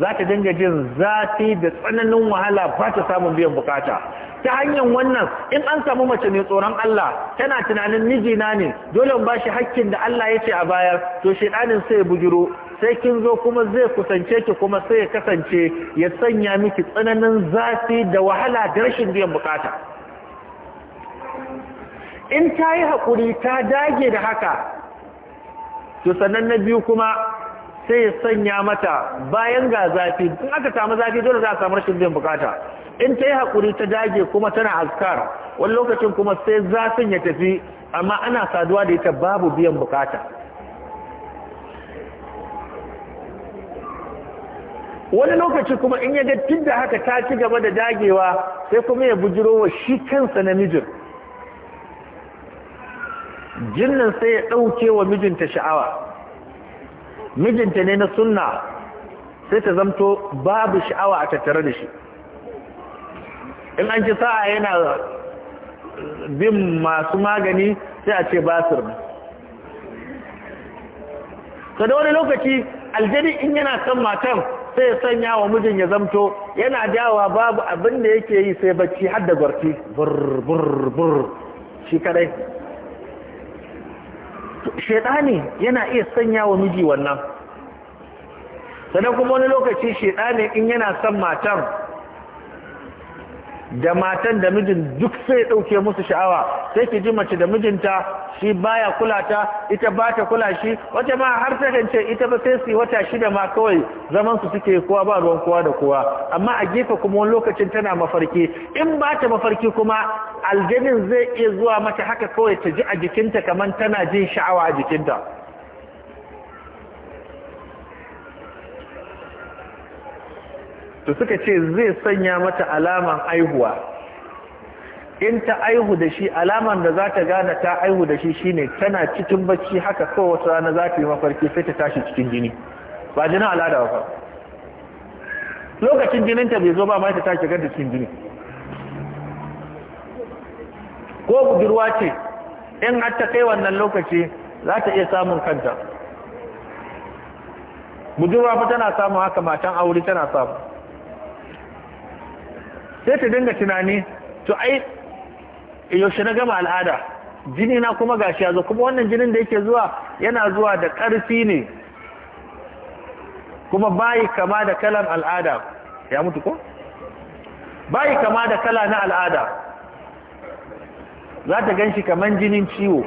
za ta dinga jin zafi da tsananin wahala ba ta samun biyan bukata ta hanyar wannan in an samu mace mai tsoron Allah tana tunanin mijina ne dole ba shi hakkin da Allah ya ce a bayar to shedanin sai ya bujiro sai kin zo kuma zai kusance ki kuma sai ya kasance ya sanya miki tsananin zafi da wahala da rashin biyan bukata in ta yi haƙuri ta dage da haka to sannan na biyu kuma sai ya sanya mata bayan ga zafi in aka samu zafi dole za a samu rashin biyan bukata in ta yi haƙuri ta dage kuma tana azkar wani lokacin kuma sai zafin ya tafi amma ana saduwa da ita babu biyan bukata wani lokaci kuma in ya ga tun da haka ta ci gaba da dagewa sai kuma ya bujiro wa shi kansa namijin jinnan sai ya ɗauke wa mijinta sha'awa mijinta ne na sunna sai ta zamto babu sha'awa a tattare da shi in an ci sa'a yana bin masu magani sai a ce ba su basir ka da wani lokaci aljani in yana kan matan sai ya sanya wa mijin ya zamto yana dawa babu abinda yake yi sai bacci har da gwarti bur bur bur shi kadai shaidani yana iya sanya wa miji wannan sannan kuma wani lokaci shaidani in yana son matar da matan da mijin duk sai ɗauke musu sha'awa sai ki ji mace da mijinta shi baya kula ta ita ba ta kula shi wata ma har ta kance ita ba sai su wata shida ma kawai zaman su suke kowa ba ruwan kowa da kowa amma a gefe kuma wani lokacin tana mafarki in ba ta mafarki kuma aljanin zai iya zuwa mata haka kawai ta ji a jikinta kamar tana jin sha'awa a jikinta to suka ce zai sanya mata alaman aihuwa in ta aihu da shi alaman da za ta gane ta aihu da shi shine tana cikin bacci haka ko wasu rana za ta yi mafarki sai ta tashi cikin jini ba jinin al'ada ba lokacin jininta bai zo ba mai ta tashi ganta cikin jini ko budurwa ce in har ta kai wannan lokaci za ta iya samun kanta budurwa fa tana samun haka matan aure tana samu sai ta dinga tunani to ai yaushe na gama al'ada jini na kuma gashi ya zo kuma wannan jinin da yake zuwa yana zuwa da ƙarfi ne kuma bayi kama da kalan al'ada ya mutu ko bayi kama da kala na al'ada za ta ganshi kaman jinin ciwo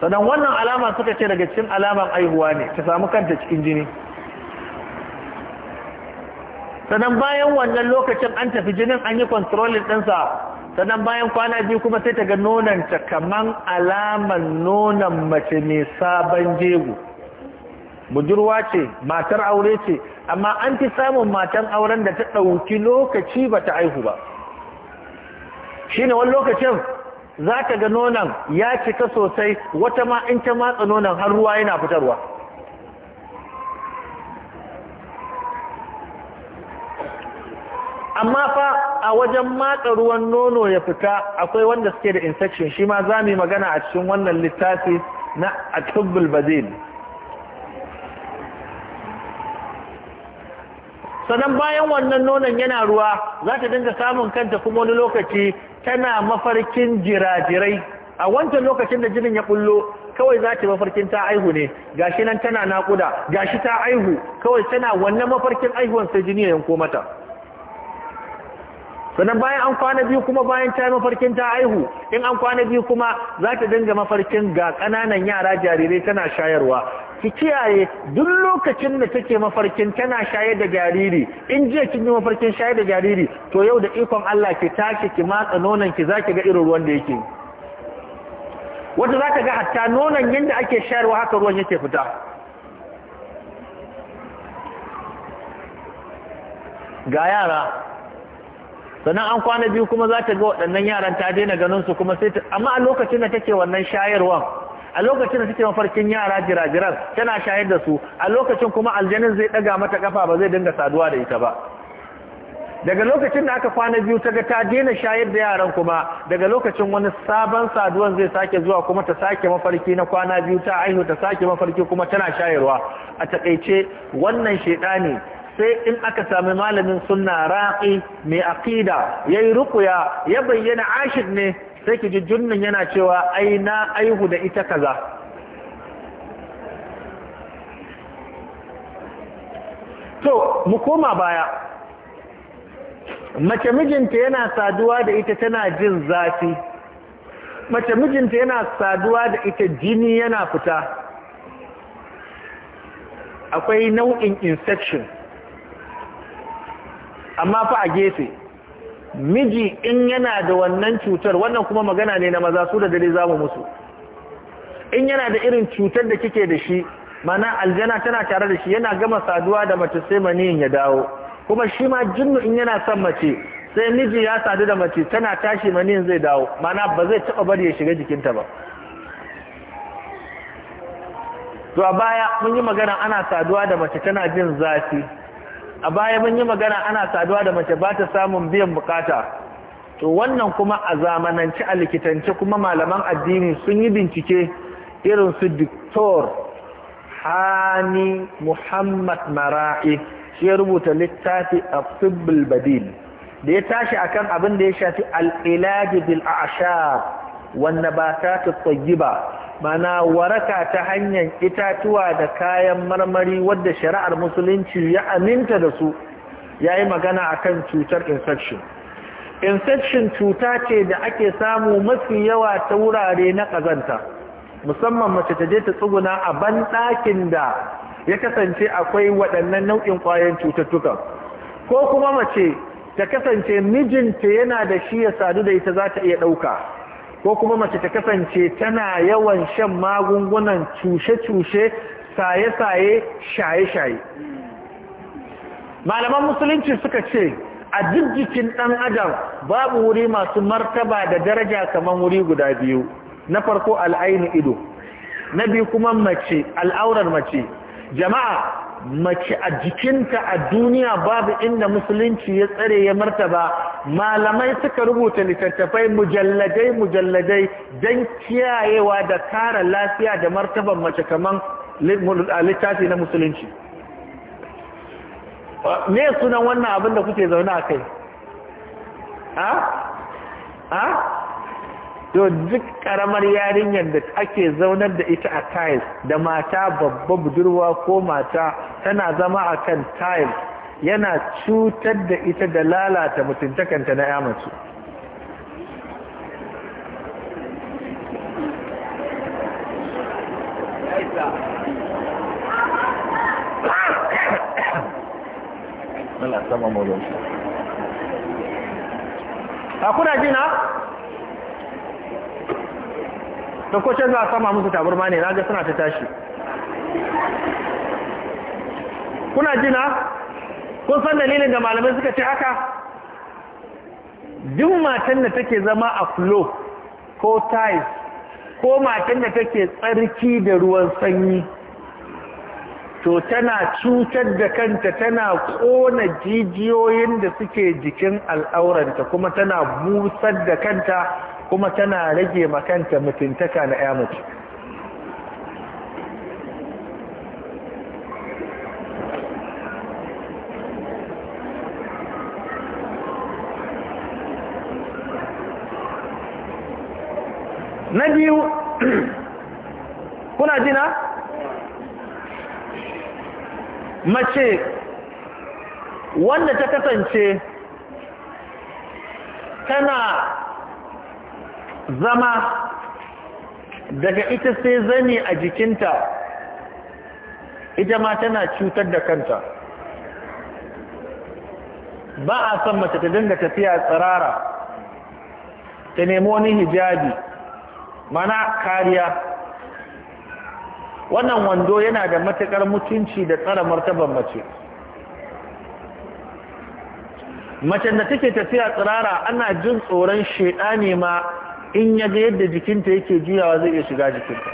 sannan wannan alama suka ce daga cikin alaman aihuwa ne ta samu kanta cikin jini sannan bayan wannan lokacin an tafi jinin an yi kontrolin ɗinsa sannan bayan kwana biyu kuma sai ta ga nonanta kaman alaman nonan mace mai sabon jego budurwa ce matar aure ce amma an fi samun matan auren da ta ɗauki lokaci ba ta aihu ba shi ne wani lokacin za ta ga nonan ya cika sosai wata ma in ta matsa nonan har ruwa yana fitarwa amma fa a wajen matsa ruwan nono ya fita akwai wanda suke da infection shi ma za mu magana a cikin wannan littafi na tubbul badil sannan bayan wannan nonon yana ruwa za ta dinga samun kanta kuma wani lokaci tana mafarkin jirajirai a wancan lokacin da jinin ya bullo kawai za ta mafarkin ta aihu ne gashi nan tana nakuda gashi ta aihu kawai tana wannan mafarkin aihuwan sai jini ya yanko mata sannan bayan an kwana biyu kuma bayan ta yi mafarkin ta haihu in an kwana biyu kuma za ta dinga mafarkin ga ƙananan yara jarirai tana shayarwa ki kiyaye duk lokacin da take mafarkin tana shayar da jariri in jiya kin yi mafarkin shayar da jariri to yau da ikon Allah ki tashi ki matsa nonon ki zaki ga irin ruwan da yake wata ka ga hatta nonon yanda ake shayarwa haka ruwan yake fita ga yara sannan an kwana biyu kuma za ta ga waɗannan yaran ta daina ganin su kuma sai ta amma a lokacin da take wannan shayarwan a lokacin da take mafarkin yara jirajiran tana shayar da su a lokacin kuma aljanin zai ɗaga mata kafa ba zai dinga saduwa da ita ba daga lokacin da aka kwana biyu ta ga ta daina shayar da yaran kuma daga lokacin wani sabon saduwan zai sake zuwa kuma ta sake mafarki na kwana biyu ta aihu ta sake mafarki kuma tana shayarwa a takaice wannan shedani sai in aka sami malamin sunna raƙi mai aƙida. Ya yi rukuya, ya bayyana ashid ne sai ki ji junnin yana cewa ai na aihu da ita kaza to mu koma baya mace mijinta yana saduwa da ita tana jin zafi mace mijinta yana saduwa da ita jini yana fita akwai nau'in infection amma fa a gefe miji in yana da wannan cutar wannan kuma magana ne na maza su da dare za mu musu in yana da irin cutar da kike da shi mana aljana tana tare da shi yana gama saduwa da mace sai maniyin ya dawo kuma shi ma jinnu in yana son mace sai miji ya sadu da mace tana tashi maniyin zai dawo mana ba zai taba bari ya shiga jikinta ba to a baya mun yi magana ana saduwa da mace tana jin zafi a baya mun yi magana ana saduwa da mace ba ta samun biyan bukata to wannan kuma a zamanance a likitance kuma malaman addini sun yi bincike irin su Dr. Hani Muhammad Mara'i shi ya rubuta littafi a Fibbil Badil da ya tashi akan abin da ya shafi al'ilaji bil a'ashar wanda ba ta tsayi ba mana waraka ta hanyar itatuwa da kayan marmari wadda shari'ar musulunci ya aminta da su ya yi magana a kan cutar infection infection cuta ce da ake samu mafi yawa ta wurare na ƙazanta musamman mace ta je ta tsuguna a banɗakin da ya kasance akwai waɗannan nau'in ƙwayoyin cututtuka ko kuma mace ta kasance mijinta yana da shi ya sadu da ita za ta iya ɗauka ko kuma mace ta kasance tana yawan shan magungunan cushe-cushe saye-saye shaye-shaye malaman musulunci suka ce a duk ɗan adam babu wuri masu martaba da daraja kamar wuri guda biyu na farko al'ainu ido na biyu kuma mace al'aurar mace jama'a mace a jikinta a duniya babu inda musulunci ya tsare ya martaba malamai suka rubuta littattafai mujalladai mujalladai don kiyayewa da kara lafiya da martaban mace kaman littafi na musulunci me sunan wannan abin da kuke zaune a kai ha ha to duk ƙaramar yarinyar da ake zaunar da ita a tiles da mata babba budurwa ko mata tana zama a kan tiles yana cutar da ita da lalata mutuntakanta na yamatu. Allah sama da ko canza za a sama musu tabarma ne na ga suna ta tashi kuna jina kun san dalilin da malamai suka ce haka duk matan da take zama a flo ko tais ko matan da take tsarki da ruwan sanyi to tana cutar da kanta tana kona jijiyoyin da suke jikin al'auranta kuma tana busar da kanta kuma tana rage makanta mutuntaka na ya mutu. na biyu kuna jina mace wanda ta kasance tana zama daga ita sai zane a jikinta ita ma tana cutar da kanta ba a san mace ta dinga tafiya tsirara ta nemi wani hijabi mana kariya wannan wando yana da matakar mutunci da tsara martaban mace macen da take tafiya tsirara ana jin tsoron shedani ma in ya ga yadda jikinta yake juyawa zai iya shiga jikinta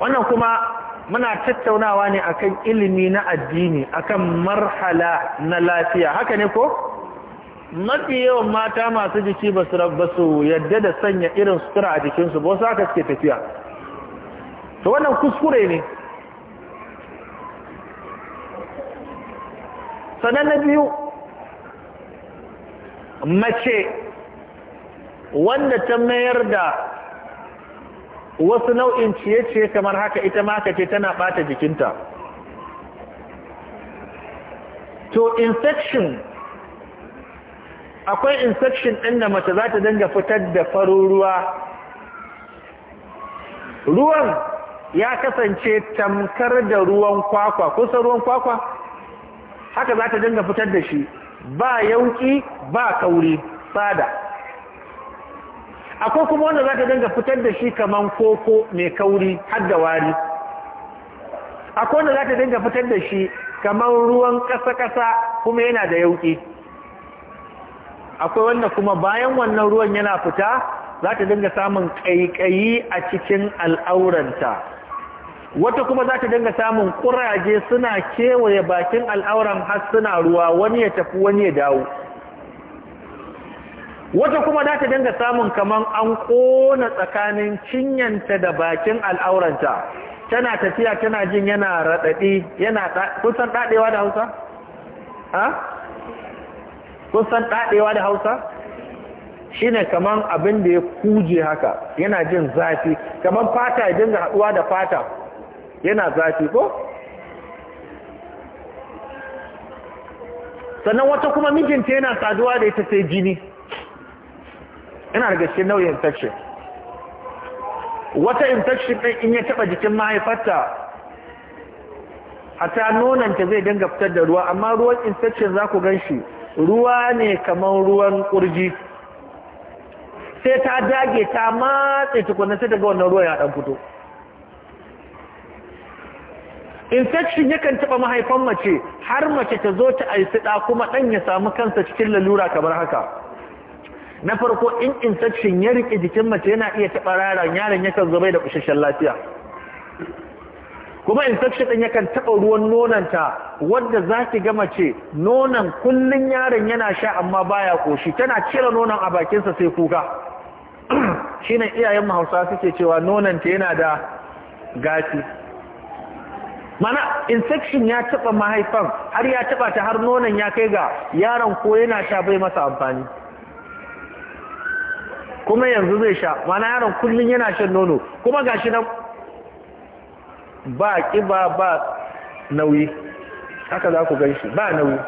wannan kuma muna tattaunawa ne akan ilimi na addini akan marhala na lafiya haka ne ko mafi yawan mata masu jiki ba su yadda da sanya irin sutura a jikinsu ba su haka suke tafiya to wannan kuskure ne sannan na biyu mace wanda ta mayar da wasu nau'in ciye-ciye kamar haka ita ma ce tana bata jikinta to infection akwai infection ɗin da mace za ta dinga fitar da farin ruwa ruwan ya kasance tamkar da ruwan kwakwa kusa ruwan kwakwa haka za ta dinga fitar da shi ba yauki ba kauri sada akwai kuma wanda za ka dinga fitar da shi kaman koko mai kauri har da wari akwai wanda za ka dinga fitar da shi kaman ruwan ƙasa-ƙasa kuma yana da yauki akwai wanda kuma bayan wannan ruwan yana fita za ta dinga samun ƙaiƙayi a cikin al'auranta wata kuma za ta dinga samun kuraje suna kewaye bakin al'auran har suna ruwa wani ya tafi wani ya dawo wata kuma za ta dinga samun kaman an kona tsakanin cinyanta da bakin al'auranta tana tafiya tana jin yana raɗaɗi yana kusan ɗaɗewa da hausa? ha? kusan ɗaɗewa da hausa? shi ne kamar abin da ya kuje haka yana jin zafi kamar fata ya dinga haɗuwa da fata yana zafi ko sannan wata kuma mijinta yana saduwa da ita sai jini yana da gaske nau'in infection wata infection ɗin in ya taɓa jikin mahaifarta ta nonanta zai dinga fitar da ruwa amma ruwan infection za ku gan shi ruwa ne kamar ruwan ƙurji sai ta dage ta matse tukunan sai daga wannan ruwan ya ɗan fito infection yakan taɓa mahaifan mace har mace ta zo ta aisi ɗa kuma ɗan ya samu kansa cikin lalura kamar haka na farko in infection ya rike jikin mace yana iya taɓa yaron yaron yakan zo bai da kusheshen lafiya kuma infection ɗin yakan taɓa ruwan nonanta wadda za ki ga mace nonon kullum yaron yana sha amma baya ƙoshi tana cire nonon a bakinsa sai kuka shine iyayen hausa suke cewa ta yana da gafi. mana infection ya taba mahaifan har ya taba ta har nonon ya kai ga yaron ko yana sha bai masa amfani kuma yanzu zai sha mana yaron kullum yana shan nono kuma gashi nan ba kiba ba nauyi haka za ku gan shi ba nauyi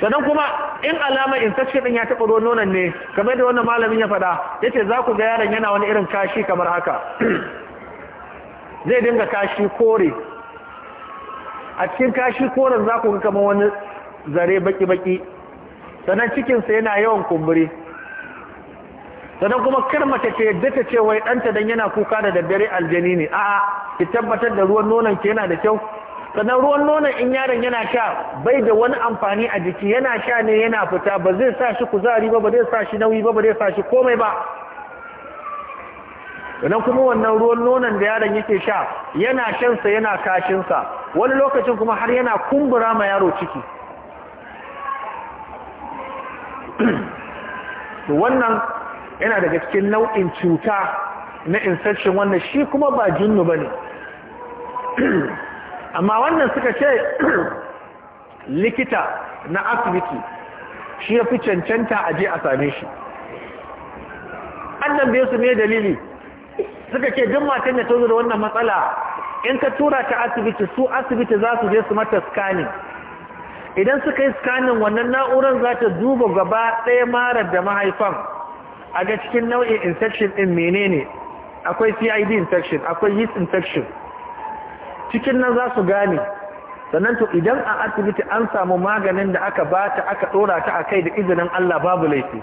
sannan kuma in alamar infection din ya taɓa ruwan nonon ne kamar da wannan malamin ya faɗa yace za ku ga yaron yana wani irin kashi kamar haka zai dinga kashi kore a cikin kashi koren za ku ga kamar wani zare baki-baki sannan cikinsa yana yawan kumburi sannan kuma kar mace ce yadda ta ce wai ɗanta dan yana kuka da daddare aljani ne a'a ki tabbatar da ruwan nonon ki yana da kyau sannan ruwan nonon in yaron yana sha bai da wani amfani a jiki yana sha ne yana fita ba zai sa shi kuzari ba ba zai sa shi nauyi ba ba zai sa shi komai ba sannan kuma wannan ruwan nonon da yaron yake sha yana shansa yana kashinsa wani lokacin kuma har yana kumbura ma yaro ciki wannan yana daga cikin nau'in cuta na infection wannan shi kuma ba jinnu ba ne amma wannan suka ce likita na asibiti shi ya fi cancanta a je a same shi annan bai su ne dalili suka ce duk matan da ta zo da wannan matsala in ka tura ta asibiti su asibiti za su je su mata scanning idan suka yi scanning wannan na'urar za ta duba gaba ɗaya marar da mahaifan a ga cikin nau'in infection ɗin menene akwai cid infection akwai yeast infection cikin nan za su gane sannan to idan a asibiti an samu maganin da aka bata aka ɗora ta a kai da izinin allah babu laifi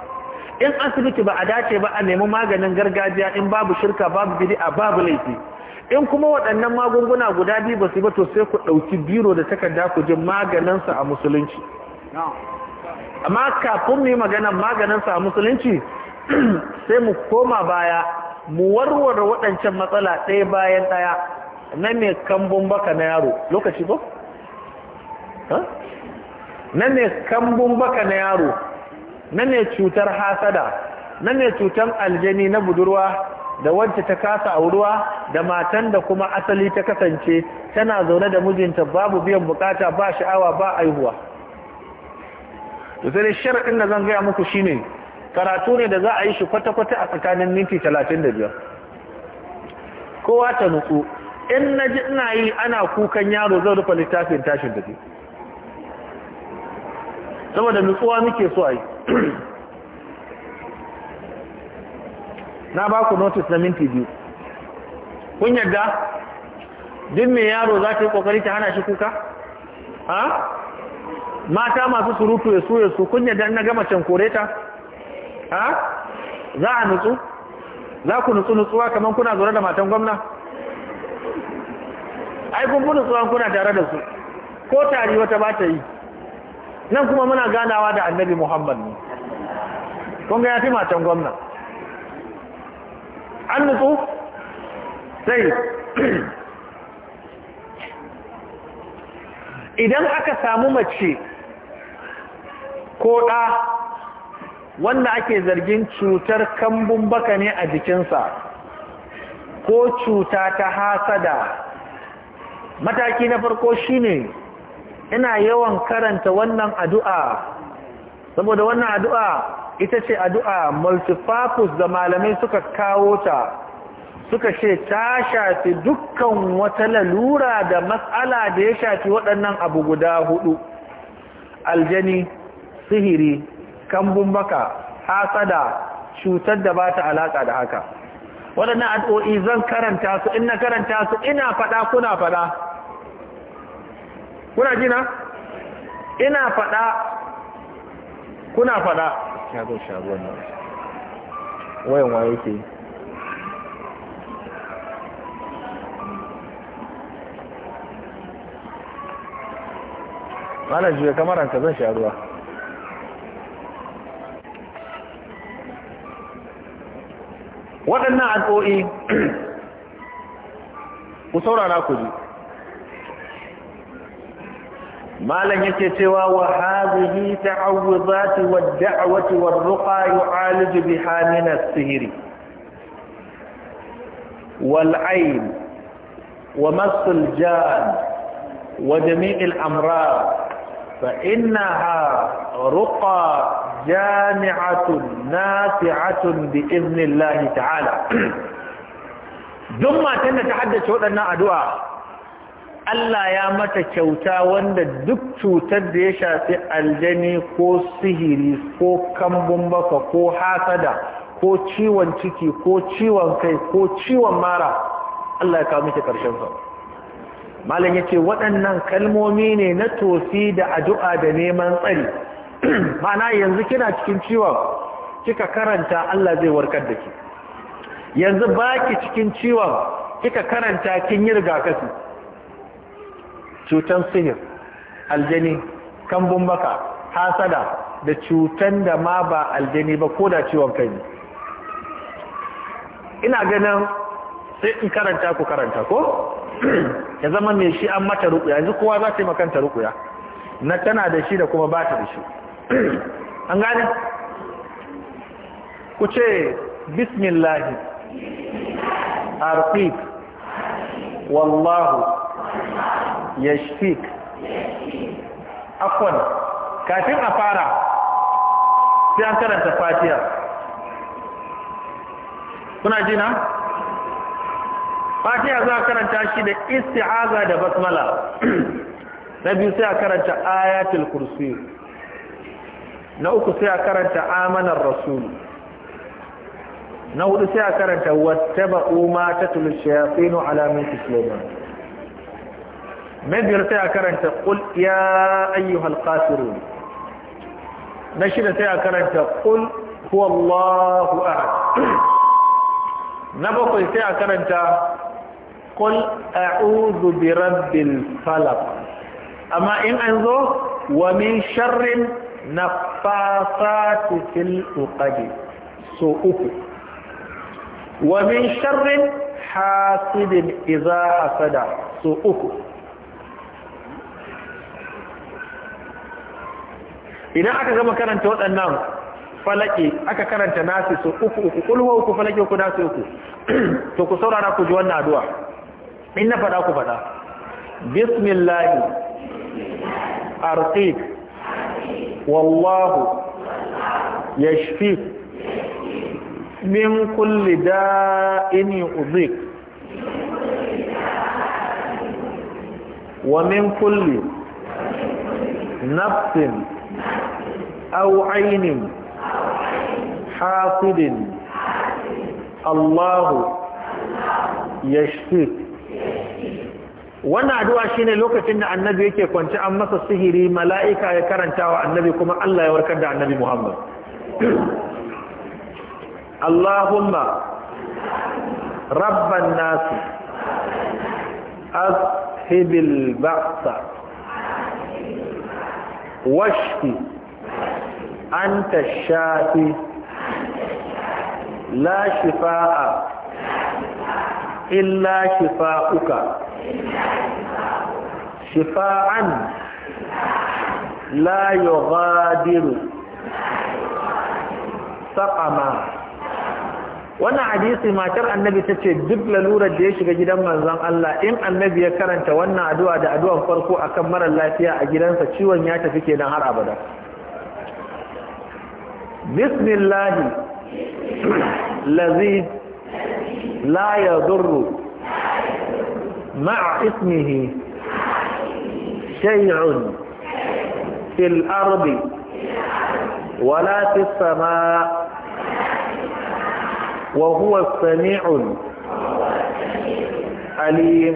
in asibiti ba a dace ba a nemi maganin gargajiya in babu shirka babu bid'a babu laifi in kuma waɗannan magunguna guda biyu ba su ba to sai ku ɗauki biro da takarda ku ji maganinsa a musulunci amma kafin mu yi maganar maganinsa a musulunci sai mu koma baya mu warware waɗancan matsala ɗaya bayan ɗaya na ne kambun baka na yaro lokaci ha. na ne kambun baka na yaro nan ne cutar hasada nan ne cutar aljani na budurwa da wacce ta kasa auruwa da matan da kuma asali ta kasance tana zaune da mijinta babu biyan bukata ba sha'awa ba aihuwa to sai sharadin da zan gaya muku shine karatu ne da za a yi shi kwata-kwata a tsakanin minti 35 kowa ta nutsu in na ji ina yi ana kukan yaro zai rufe littafin tashin tafi saboda nutsuwa muke so a yi na ba ku notice na minti biyu kun yadda duk mai yaro za ta yi kokari ta hana shi kuka ha mata masu surutu ya su ya su kun yadda na gama can kore ta ha za a nutsu za ku nutsu nutsuwa kamar kuna zaune da matan gwamna ai kun fi nutsuwa kuna tare da su ko tari wata ba ta yi nan kuma muna ganawa da annabi muhammad ne kunga ya fi matan gwamna an nutsu sai idan aka samu mace ko ɗa wanda ake zargin cutar kambun baka ne a jikinsa ko cuta ta hasada mataki na farko shine ina yawan karanta wannan addu'a saboda wannan addu'a ita ce addu'a multifacus da malamai suka kawo ta suka ce ta shafi dukkan wata lalura da matsala da ya shafi waɗannan abu guda hudu aljani sihiri kambun baka hasada cutar da ba ta alaƙa da haka waɗannan addu'o'i zan karanta su ina karanta su ina faɗa kuna faɗa kuna jina ina fada kuna fada ya zo sharuwan wayan waye ke malam juya ka zan sharuwa waɗannan addu'o'i ku saurara ku ji ما يكي سوى وهذه تعوضات والدعوة والرقى يعالج بها من السهر والعين ومص الجان وجميع الأمراض فإنها رقى جامعة نافعة بإذن الله تعالى ثم تنتحدث هنا الدعاء Allah ya mata kyauta wanda duk cutar da ya shafi aljani ko sihiri ko kambun baka ko hasada ko ciwon ciki ko ciwon kai ko ciwon mara Allah ya kawo miki karshen sa malam yace waɗannan kalmomi ne na tosi da addu'a da neman tsari ma'ana yanzu kina cikin ciwon kika karanta Allah zai warkar da ki yanzu baki cikin ciwon kika karanta kin yi rigakafi cutan sihir aljani kambun baka hasada da cutan da ma ba aljani ba ko da ciwon kai ina ganin sai in karanta ku karanta ko ya zama mai shi an mata rukuya yanzu kowa za ta yi makanta rukuya na tana da shi da kuma ba ta da shi an gane ku ce bismillahi arfi wallahu yashfik akwai kafin a fara sai an karanta Fatiya. kuna ji na za a karanta shi da isti'aza da basmala na biyu sai a karanta ayatul kursi na uku sai a karanta amanar rasul na hudu sai a karanta ba'u mata tulushe ya tsino alamun sulaiman na biyar sai a karanta qul ya ayyuhal kafirun na shida sai a karanta qul huwallahu ahad na bakwai sai a karanta qul a'udhu bi rabbil falaq amma in an zo wa min sharrin naffasati fil uqad so uku wa min sharrin hasidin idza hasada so uku idan aka gama karanta waɗannan falaki aka karanta nasi su uku uku kulhu uku falaki uku nasi uku to ku saurara ku ji wannan addu'a in na faɗa ku faɗa bismillahi arqik wallahu yashfi min kulli da'in yu'zik wa min kulli nafsin أو عين حاصد الله يشفيك wannan addu'a shine lokacin da annabi yake kwance an masa sihiri mala'ika ya karanta wa annabi kuma Allah ya warkar da annabi Muhammad Allahumma rabban nasu. azhibil ba'asa. washfi أنت الشافي لا شفاء إلا شفاءك شفاء لا يغادر سقما wannan hadisi matar annabi ta ce duk lalurar da ya shiga gidan manzon Allah in annabi ya karanta wannan addu'a da addu'ar farko akan marar lafiya a gidansa ciwon ya tafi kenan har abada بسم الله الذي لا يضر مع اسمه شيء في الأرض ولا في السماء وهو السميع عليم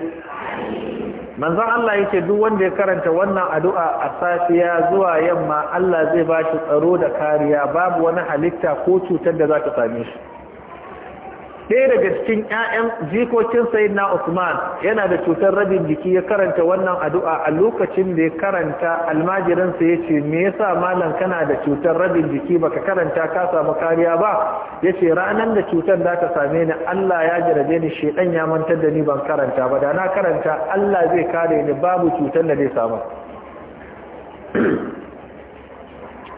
manzon Allah yake duk wanda ya karanta wannan addu'a a safiya zuwa yamma Allah zai ba shi tsaro da kariya babu wani halitta ko cutar da za ta same shi ɗaya daga cikin 'ya'yan jikokin na Usman yana da cutar rabin jiki ya karanta wannan addu'a a lokacin da ya karanta almajirinsa ya ce me yasa malam kana da cutar rabin jiki baka karanta ka samu kariya ba ya ce ranar da cutar za ta same ni Allah ya jarabe ni shaidan ya mantar da ni ban karanta ba da na karanta Allah zai kare ni babu cutar da zai samu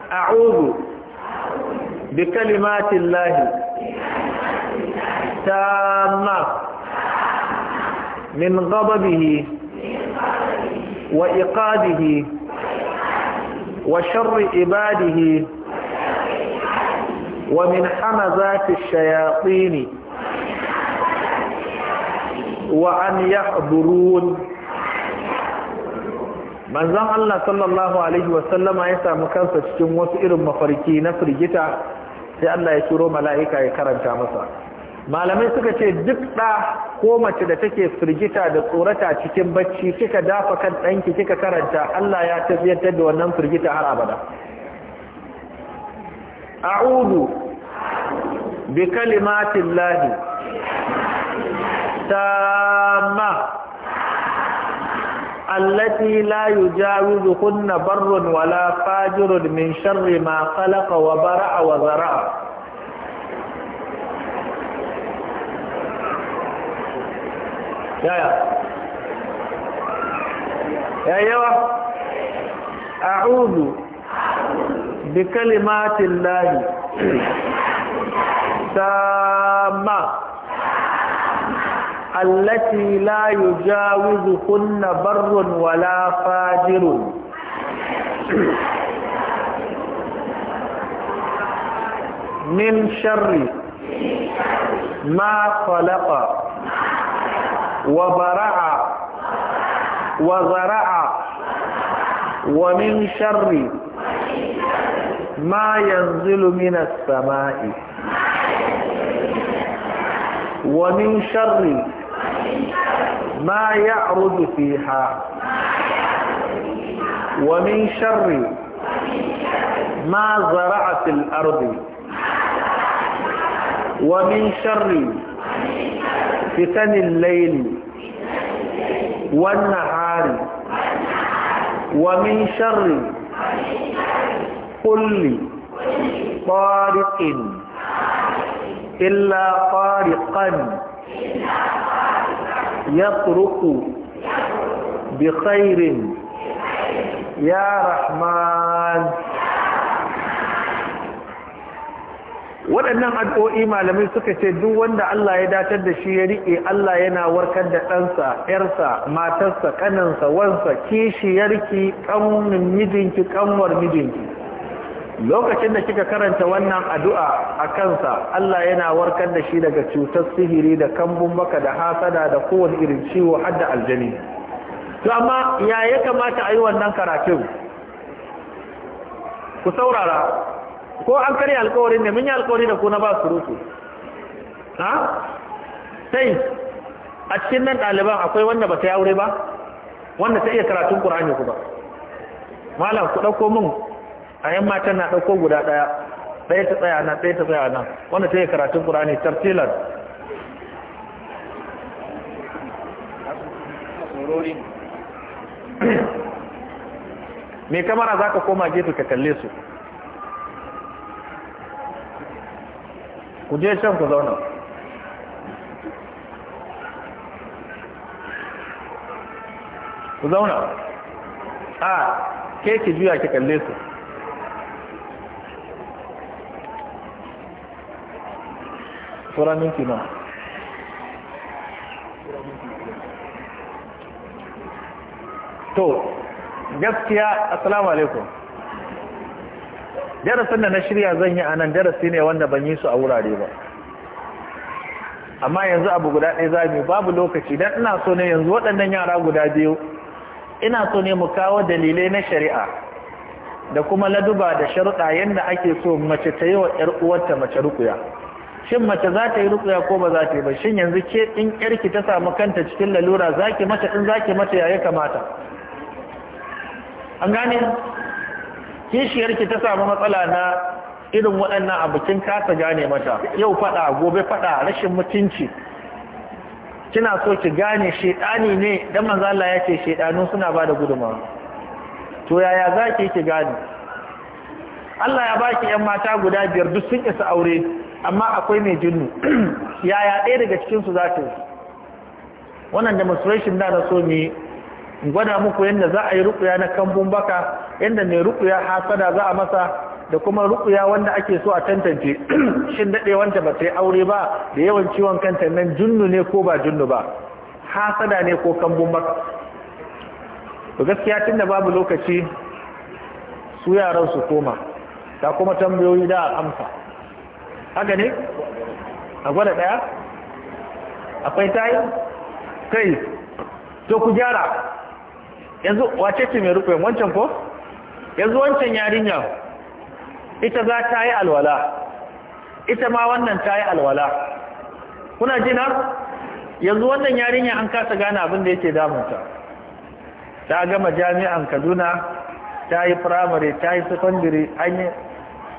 a'udhu bi kalimatillahi تامة من غضبه وإقاده وشر عباده ومن حمزات الشياطين وأن يحضرون من زم الله صلى الله عليه وسلم عيسى آية مكان شموس وسئر مفركي نفر جتا sai Allah ya turo mala'ika ya karanta masa malamai suka ce duk ɗa ko mace da take firgita da tsorata cikin bacci kika dafa kan ɗanki kika karanta Allah ya tafiyantar da wannan firgita har abada a'udu bi kalimatin lahi ma. allati la yujawizu kunna barrun wala fajirun min sharri ma khalaqa wa bara'a wa zara'a yaya yayawa a'udhu bi kalimatin lahi tamma التي لا يجاوزهن بر ولا فاجر من شر ما خلق وبرع وزرع ومن شر ما ينزل من السماء ومن شر ما يعرض فيها ومن شر ما زرع في الأرض ومن شر فتن الليل والنهار ومن شر كل طارق إلا طارقا يطرق بخير يا رحمن waɗannan addu'o'i malamai suka ce duk wanda Allah ya datar da shi ya riƙe Allah yana warkar da ɗansa, ‘yarsa, matarsa, ƙaninsa, wansa, kishiyarki, ƙaunin mijinki, ƙanwar mijinki. lokacin da kika karanta wannan addu'a a kansa Allah yana warkar da shi daga cutar sihiri da kambun baka da hasada da kowane irin ciwo har da aljani to amma ya ya kamata a yi wannan karatun ku saurara ko an karya alkawarin ne mun yi alkawari da ku na ba surutu ha sai a cikin nan ɗaliban akwai wanda ba ta yi aure ba wanda ta iya karatun ƙur'ani ku ba malam ku ɗauko min a yamma tana ɗauko guda ɗaya ɗaya ta tsaya nan ɗaya ta tsaya nan wanda ta yi karatun ƙurani tartilan mai kamara za ka koma gefe ka kalle su ku je can ku zauna ku zauna a ke ki juya ki kalle su tsora minti na to gaskiya assalamu alaikum darasin da na shirya zan yi a nan darasi ne wanda ban yi su a wurare ba amma yanzu abu guda ɗaya za mu babu lokaci don ina so ne yanzu waɗannan yara guda biyu ina so ne mu kawo dalilai na shari'a da kuma laduba da sharuɗa yadda ake so mace ta yi wa ‘yar uwarta mace rukuya shin mace za ta yi rukuya ko ba za ta yi ba shin yanzu ke in yarki ta samu kanta cikin lalura zaki mata in zaki mata yaya kamata an gane kishiyarki ta samu matsala na irin waɗannan abokin kasa gane mata yau fada gobe fada rashin mutunci kina so ki gane shedani ne dan manzo Allah ya ce shedanu suna bada gudumawa to yaya zaki ki gane Allah ya baki yan mata guda biyar duk sun isa aure amma akwai mai jinnu yaya ɗaya daga cikinsu za ta yi wannan demonstration da na so ne in gwada muku yadda za a yi rukuya na kambun baka yadda mai rukuya hasada za a masa da kuma rukuya wanda ake so a tantance shin wanda ba sai aure ba da yawan ciwon kanta nan junnu ne ko ba junnu ba hasada ne ko kambun baka to gaskiya tun da babu lokaci su yaran su koma ta kuma tambayoyi da amsa haka ne a gwada daya akwai tayi kai to ku gyara yanzu wace ce mai rufe wancan ko yanzu wancan yarinya ita za ta yi alwala ita ma wannan ta yi alwala kuna jina yanzu wannan yarinya an kasa gane abin da yake damunta ta gama jami'an kaduna ta yi firamare ta yi secondary an yi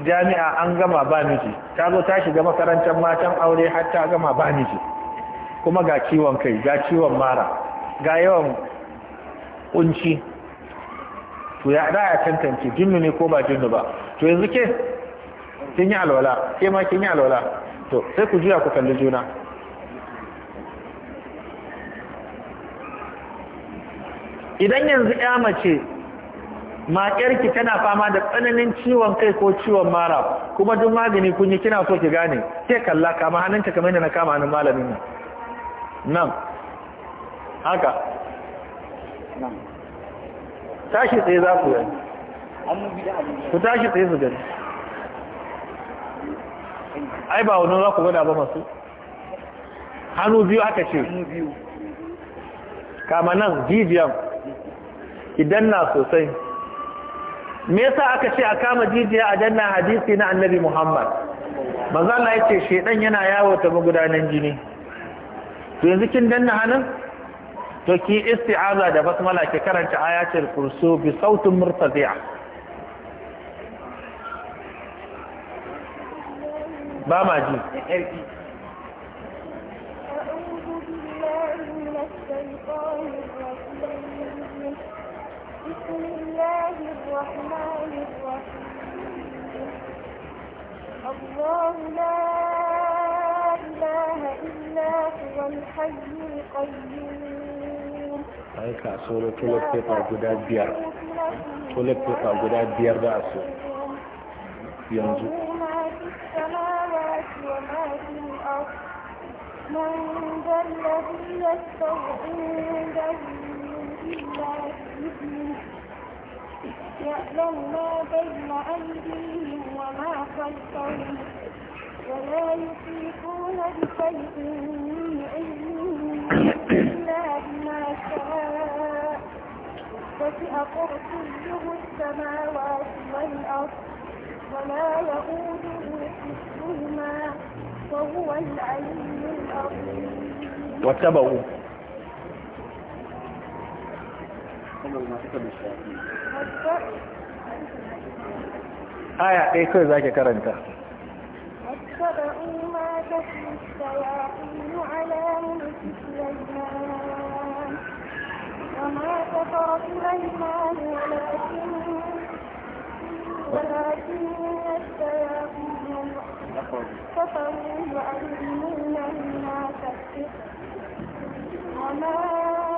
jami'a an gama ba miji ta zo ta shiga makarantar matan aure har ta gama ba miji kuma ga ciwon kai ga ciwon mara ga yawan kunci to ya da ya tantance jinnu ne ko ba jinnu ba to yanzu ke kin yi alwala ke ma kin yi alwala to sai ku juya ku kalli juna idan yanzu ya mace maƙyarki tana fama da tsananin ciwon kai ko ciwon mara kuma duk magani kun yi kina so ki gane sai kalla kama hannunka kamar yadda na kama hannun malamin nan nan haka tashi tsaye za ku yi. ku tashi tsaye su gani ai ba wani za ku gada ba masu hannu biyu aka ce kama nan jijiyan idan na sosai me yasa aka ce a kama jijiya a janna hadisi na annabi Muhammad manzo Allah yace shedan yana yawo ta magudanan jini to yanzu kin danna hannun to ki isti'aza da basmala ki karanta ayatul kursu bi sautin murtadi'a ba ma ji من الشيطان الرحمن الرحيم الله لا إله إلا هو الحي القيوم ai ka so na toilet paper guda biyar toilet paper guda biyar da su yanzu من ذا الذي يستغفر عنده إلا بإذنه يعلم ما بين أيديهم وما خلفهم ولا يحيطون بشيء من علمه إلا بما شاء وسع كرسيه السماوات والأرض ولا يؤوده حفظهما وهو العلي العظيم واتبعوا aya ɗaya kawai za ki karanta وما كفر سليمان ولكن ولكن الشياطين كفروا يعلمون الناس السحر وما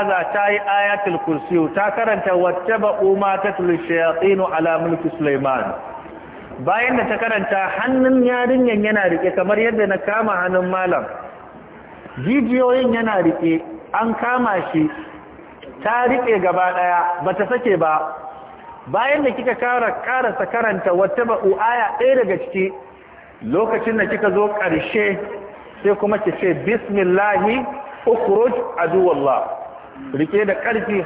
haza ta yi ayatul kursiyu ta karanta wacce ba'u ma ta tulshayatinu ala mulki Sulaiman bayan da ta karanta hannun yarinyar yana rike kamar yadda na kama hannun malam jijiyoyin yana rike an kama shi ta rike gaba daya bata sake ba bayan da kika kara karasa karanta wacce ba'u aya ɗaya daga ciki lokacin da kika zo ƙarshe sai kuma ki ce bismillahi ukhruj aduwallah rike da ƙarfi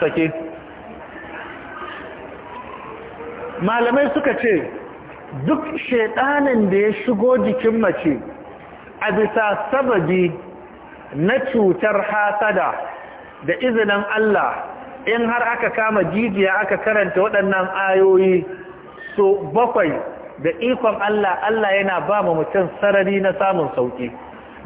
sake malamai suka ce duk shaidanin da ya shigo jikin mace a bisa sababi na cutar hasada da izinin Allah in har aka kama jijiya aka karanta waɗannan ayoyi so bakwai da ikon Allah Allah yana ba mu mutum sarari na samun sauki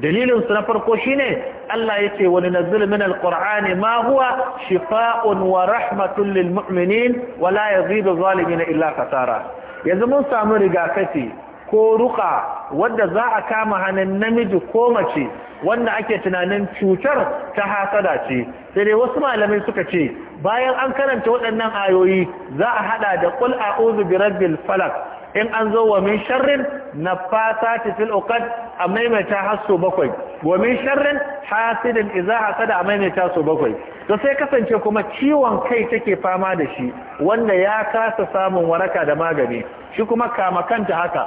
dalilin su na farko shine Allah yake wani nazil min alqur'ani ma huwa shifaa'un wa rahmatun lil mu'minin wa la yazidu zalimin illa kasara yanzu mun samu rigakafi ko ruka wanda za a kama hannun namiji ko mace wanda ake tunanin cutar ta hasada ce sai dai wasu malamai suka ce bayan an karanta waɗannan ayoyi za a hada da qul a'udhu birabbil falaq in an zo wa min sharrin ta fil uqad a maimaita har so bakwai wa min sharrin hasidin idza hasada a maimaita so bakwai to sai kasance kuma ciwon kai take fama da shi wanda ya kasa samun waraka da magani shi kuma kama kanta haka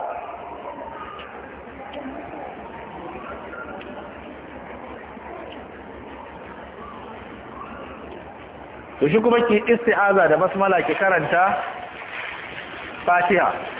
to shi kuma ki isti'aza da basmala ki karanta fatiha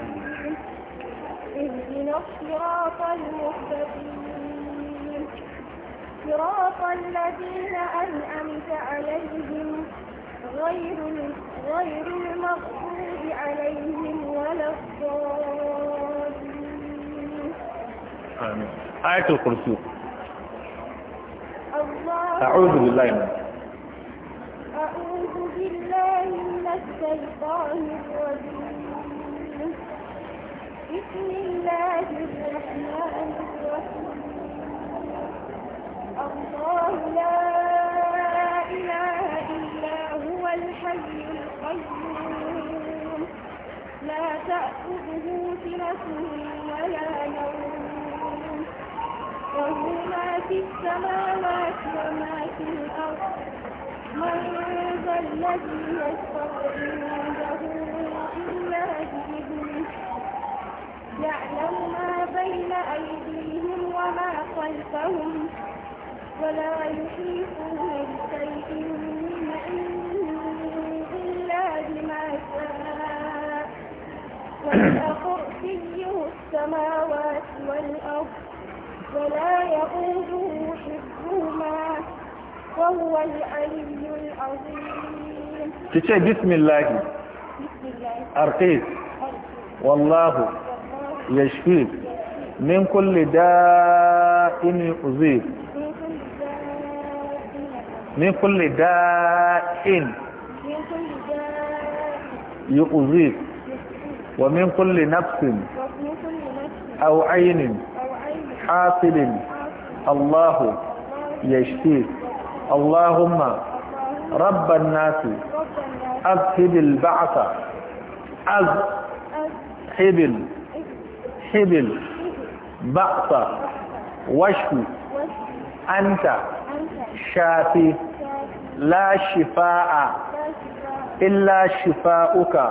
اهدنا الصراط المستقيم صراط الذين أنعمت عليهم غير غير المغضوب عليهم ولا الضالين آمين آية الكرسي الله أعوذ بالله من أعوذ بالله من الشيطان الرجيم بسم الله الرحمن الرحيم الله لا إله إلا هو الحي القيوم لا تأخذه سنة ولا نوم وهو ما في السماوات وما في الأرض من ذا الذي يشفع عنده إلا به يعلم ما بين أيديهم وما خلفهم ولا يحيطون بشيء من علمه إلا بما شاء وسع كرسيه السماوات والأرض ولا يئوده حفظهما وهو العلي العظيم تشي بسم الله بسم الله أرقيت والله يشفيك من كل داء يؤذيك من كل داء يؤذيك ومن كل نفس أو عين حاصل الله يشفيك اللهم رب الناس أذهب البعث أذهب hibil ba'sa washku anta shafi la shifa'a illa shifa'uka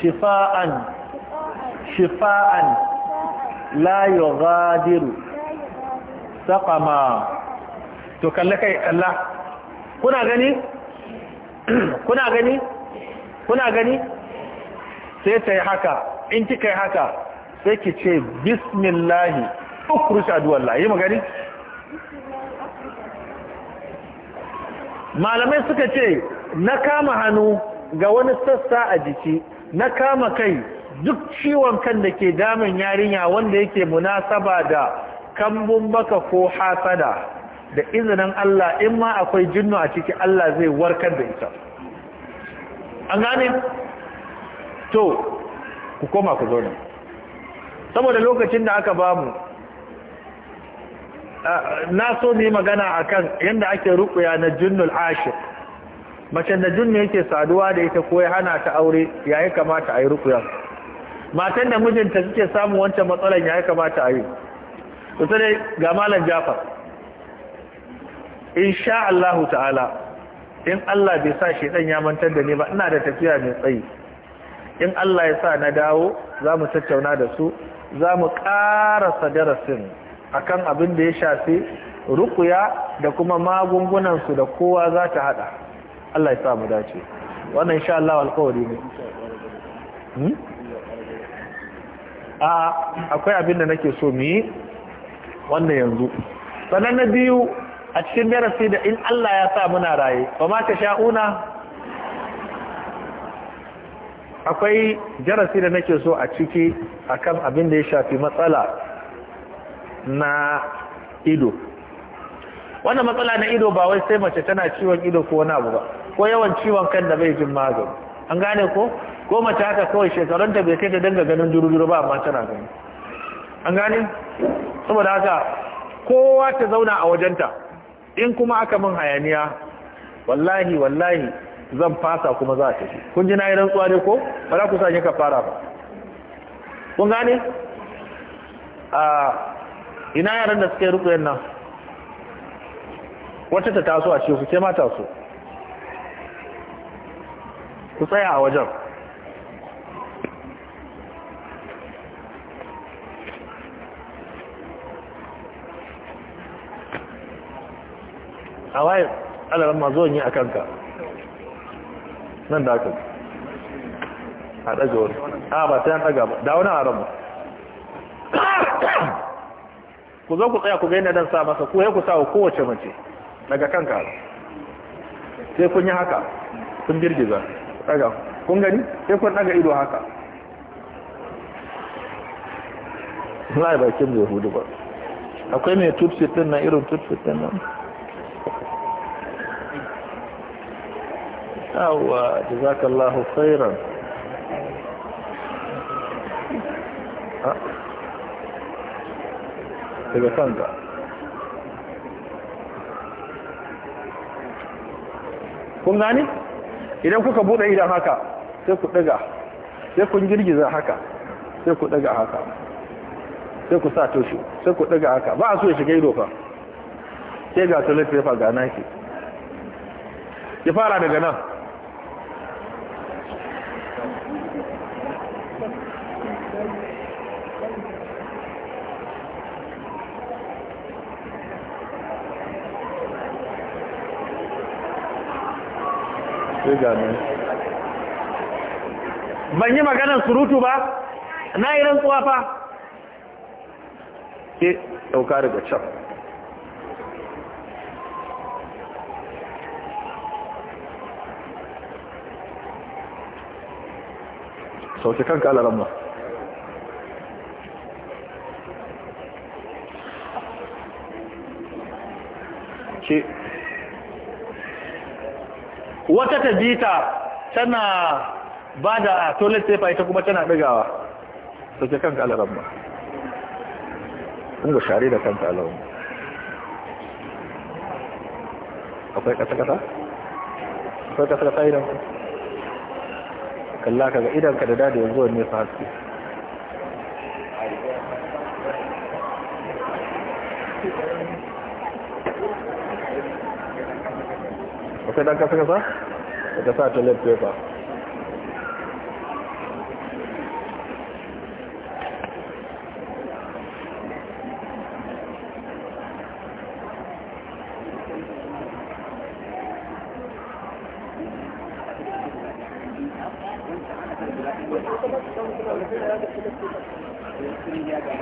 shifa'an shifa'an la yughadiru saqama to kalle kai Allah kuna gani kuna gani kuna gani sai ta haka in kika yi haka sai ki ce bismillahi aduwa Allah yi magani malamai suka ce na kama hannu ga wani sassa a jiki na kama kai duk ciwon kan da ke damin yarinya wanda yake munasaba da kambun baka ko hasada da izinin Allah in ma akwai jinnu a ciki Allah zai warkar da ita an gane to ku koma ku zo nan saboda lokacin da aka bamu na so ne magana akan yadda ake rukuya na junnul ashir macen da junne yake saduwa da ita koya hana ta aure yayi kamata a yi rukuya matan da mijinta suke samun wancan matsalan yayi kamata a yi kusa dai ga malam jafar insha Allah ta'ala in Allah bai sa shi dan ya mantar da ni ba ina da tafiya mai tsayi in Allah ya sa na dawo za mu tattauna da su za mu ƙarasa darasin kan abin da ya shafi rukuya da kuma magungunansu da kowa za ta haɗa. Allah ya samu dace wannan sha Allah alƙawari ne hmm? a akwai abin da nake so mu yi wannan yanzu sannan na biyu a cikin darasi da in Allah ya sa muna raye ba ma ta sha'una akwai jarasi da nake so a ciki akan abin da ya shafi matsala na ido wannan matsala na ido ba wai sai mace tana ciwon ido ko wani abu ba ko yawan ciwon kan da bai jin magani an gane ko ko mace haka kawai shekarun ta bai kai da danga ganin duru-duru ba amma tana gani an gane saboda haka kowa ta zauna a wajenta in kuma aka min hayaniya wallahi wallahi zan fasa kuma za a kashe kun ji na yi rantsuwa ne ko ba za ku ka fara ba kun gane a ina yaran da suke rukuyen nan wacce ta taso a shehu ke ma taso ku tsaya a wajen a waye alalar zo yi a kanka nan da aka a ɗaga wani a ba ta yan ɗaga ba da wani a ku zo ku tsaya ku ga yana dan sa masa ku ya ku wa kowace mace daga kanka sai kun yi haka kun birgiza ɗaga kun gani sai kun ɗaga ido haka na bakin zai hudu ba akwai mai tutsi na irin tutsi nan yawwa jazakallahu khairan ah. daga kanka kun gani idan kuka bude idan haka sai ku daga sai kun girgiza haka sai ku daga haka sai ku sa toshi sai ku daga haka ba a so ya shiga ido fa sai ga toilet paper ga naki ya fara daga nan riga ban yi maganar surutu ba na yi tsuwa fa ke ɗauka daga can sauke kanka alaramma ke wata ta jita tana ba da toilet paper ita kuma tana ɗigawa sauke kanka alaran ba ɗunga share da kanka ba. akwai ƙasa-ƙasa? akwai ƙasa-ƙasa idan kalla ka ga idanka da dadi yanzu wanne su haske takarda ka kasa sa ka sa toilet paper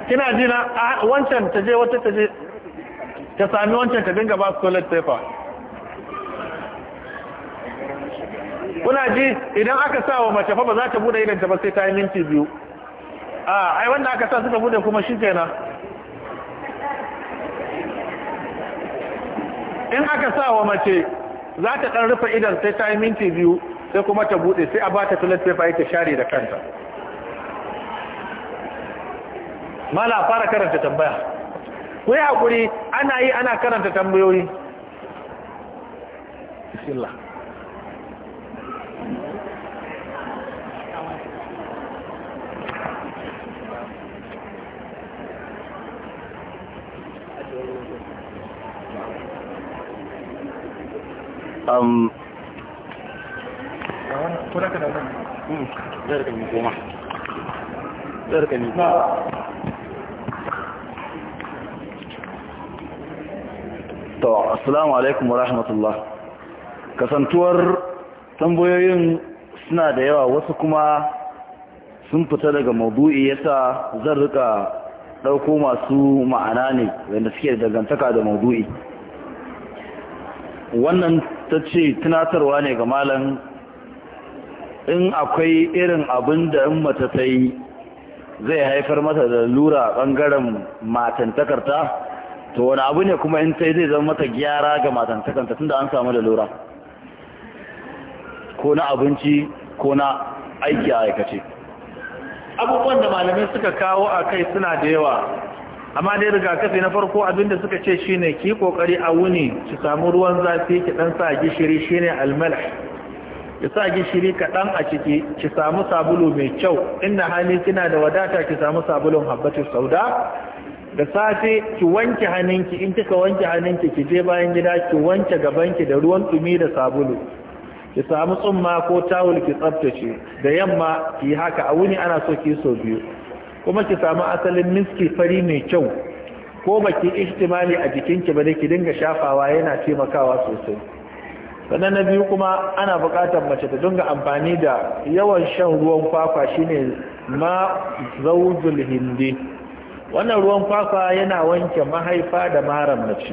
kina jina wancan ta je wata ta je ta sami wancan ta dinga ba su toilet paper kuna ji idan aka sa wa mace fa ba za ta bude idan ta ba sai ta yi minti biyu a ai wanda aka sa suka bude kuma shi kenan in aka sa wa mace za ta dan rufe idan sai ta yi minti biyu sai kuma ta bude sai a ba ta toilet paper ita share da kanta mala fara karanta tambaya ku yi hakuri ana yi ana karanta tambayoyi bismillah um alaikum wa rahmatullah kasantuwar tambayoyin suna da yawa wasu kuma sun fita daga ya yasa zan rika ɗauko masu ma'ana ne wanda suke dangantaka da maudu'i wannan ta ce tunatarwa ne ga malam in akwai irin abin da in mata ta yi zai haifar mata da lura ɓangaren matantakarta to wani abu ne kuma in ta zai zama mata gyara ga matantakarta tunda an samu da lura ko na abinci ko na aiki a aikace abubuwan da malamai suka kawo a kai suna da yawa amma dai rigakafi na farko abinda suka ce shine ki kokari a wuni ki samu ruwan zafi ki dan sa gishiri shine almalh ki sa gishiri dan a ciki ki samu sabulu mai kyau inna hali kina da wadata ki samu sabulun habbatu sauda da safe ki wanke hannunki in kika wanke hannunki ki je bayan gida ki wanke gaban ki da ruwan dumi da sabulu ki samu tsumma ko tawul ki tsaftace da yamma ki haka a wuni ana so ki so biyu kuma ki samu asalin miski fari mai kyau ko baki ihtimali a jikin ki ba ki dinga shafawa yana taimakawa sosai sannan na biyu kuma ana buƙatar mace ta dinga amfani da yawan shan ruwan kwakwa shine ma zawjul hindi wannan ruwan kwakwa yana wanke mahaifa da maran mace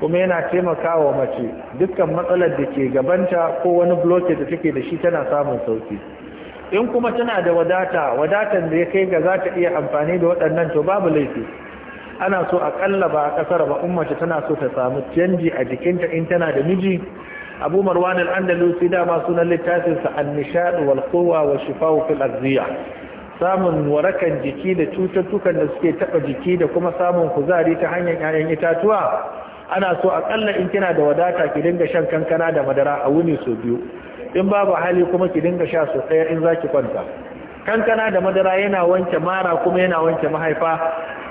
kuma yana taimakawa mace dukkan matsalar da ke gabanta ko wani blockage da take da shi tana samun sauki in kuma tana da wadata wadatan da ya kai ga za ta iya amfani da waɗannan to babu laifi ana so a ƙalla ba a ƙasar ba ummata tana so ta samu canji a jikinta in tana da miji abu marwan al-andalusi dama sunan littafinsa an-nishad wal wa Shifawu fil arziya samun warakan jiki da cututtukan da suke taɓa jiki da kuma samun kuzari ta hanyar 'ya'yan itatuwa ana so a ƙalla in kina da wadata ki dinga shan kankana da madara a wuni so biyu in babu hali kuma ki dinga sha sosai in zaki kwanta kankana da madara yana wanke mara kuma yana wanke mahaifa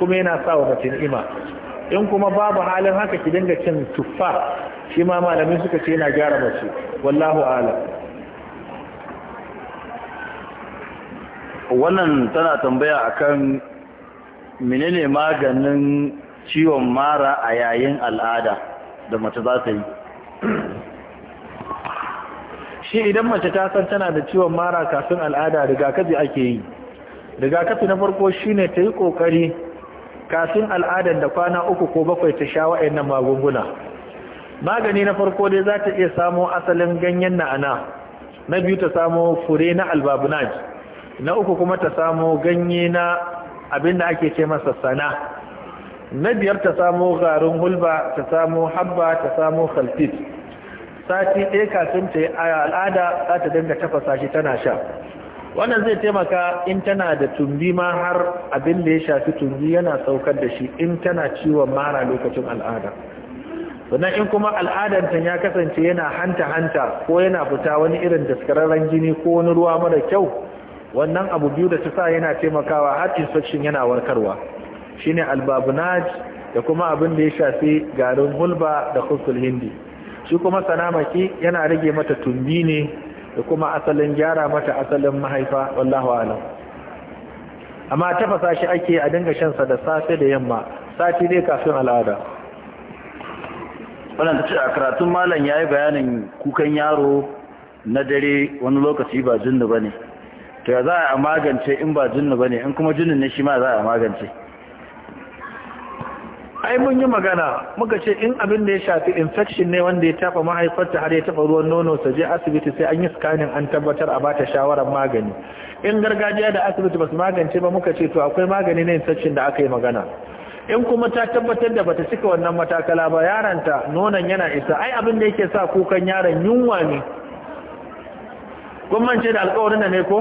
kuma yana sa wa mace ni'ima in kuma babu halin haka ki dinga cin tuffa shi ma malamai suka ce yana gyara mace wallahu alam wannan tana tambaya akan menene maganin ciwon mara a yayin al'ada da mace za ta yi shi idan mace ta san tana da ciwon mara kafin al'ada rigakafi ake yi rigakafi na farko shine ta yi kokari kafin al'adar da kwana uku ko bakwai ta sha wa'annan magunguna magani na farko dai za ta iya samo asalin ganyen na'ana na biyu ta samo fure na albabunaj na uku kuma ta samo ganye na abin da ake ce masa sana na biyar ta samo garin hulba ta samo habba ta samo khalfit sati ɗaya kafin ta yi al'ada za ta dinga tafasa shi tana sha wannan zai taimaka in tana da tumbi ma har abin da ya shafi tumbi yana saukar da shi in tana ciwon mara lokacin al'ada sannan in kuma al'adarta ya kasance yana hanta-hanta ko yana fita wani irin daskararren jini ko wani ruwa mara kyau wannan abu biyu da ta sa yana taimakawa har infection yana warkarwa shine albabunaj da kuma abin da ya shafi garin hulba da kusul hindi shi kuma sanamaki yana rage mata tumbi ne da kuma asalin gyara mata asalin mahaifa wallahu alam amma tafasa shi ake a dinga shan sa da safe da yamma sati dai kafin al'ada wannan tace a karatun malam yayi bayanin kukan yaro na dare wani lokaci ba jinnu bane to ya za a magance in ba jinnu bane in kuma jinnun ne shi ma za a magance ai mun yi magana muka ce in abin da ya shafi infection ne wanda ya tafa mahaifarta har ya tafa ruwan nono sa je asibiti sai an yi scanning an tabbatar a bata shawaran magani in gargajiya da asibiti basu magance ba muka ce to akwai magani na infection da aka yi magana in kuma ta tabbatar da bata cika wannan matakala ba yaranta nonon yana isa ai abin da yake sa kukan yaron yunwa ne gwamnati da alƙawarin da ne ko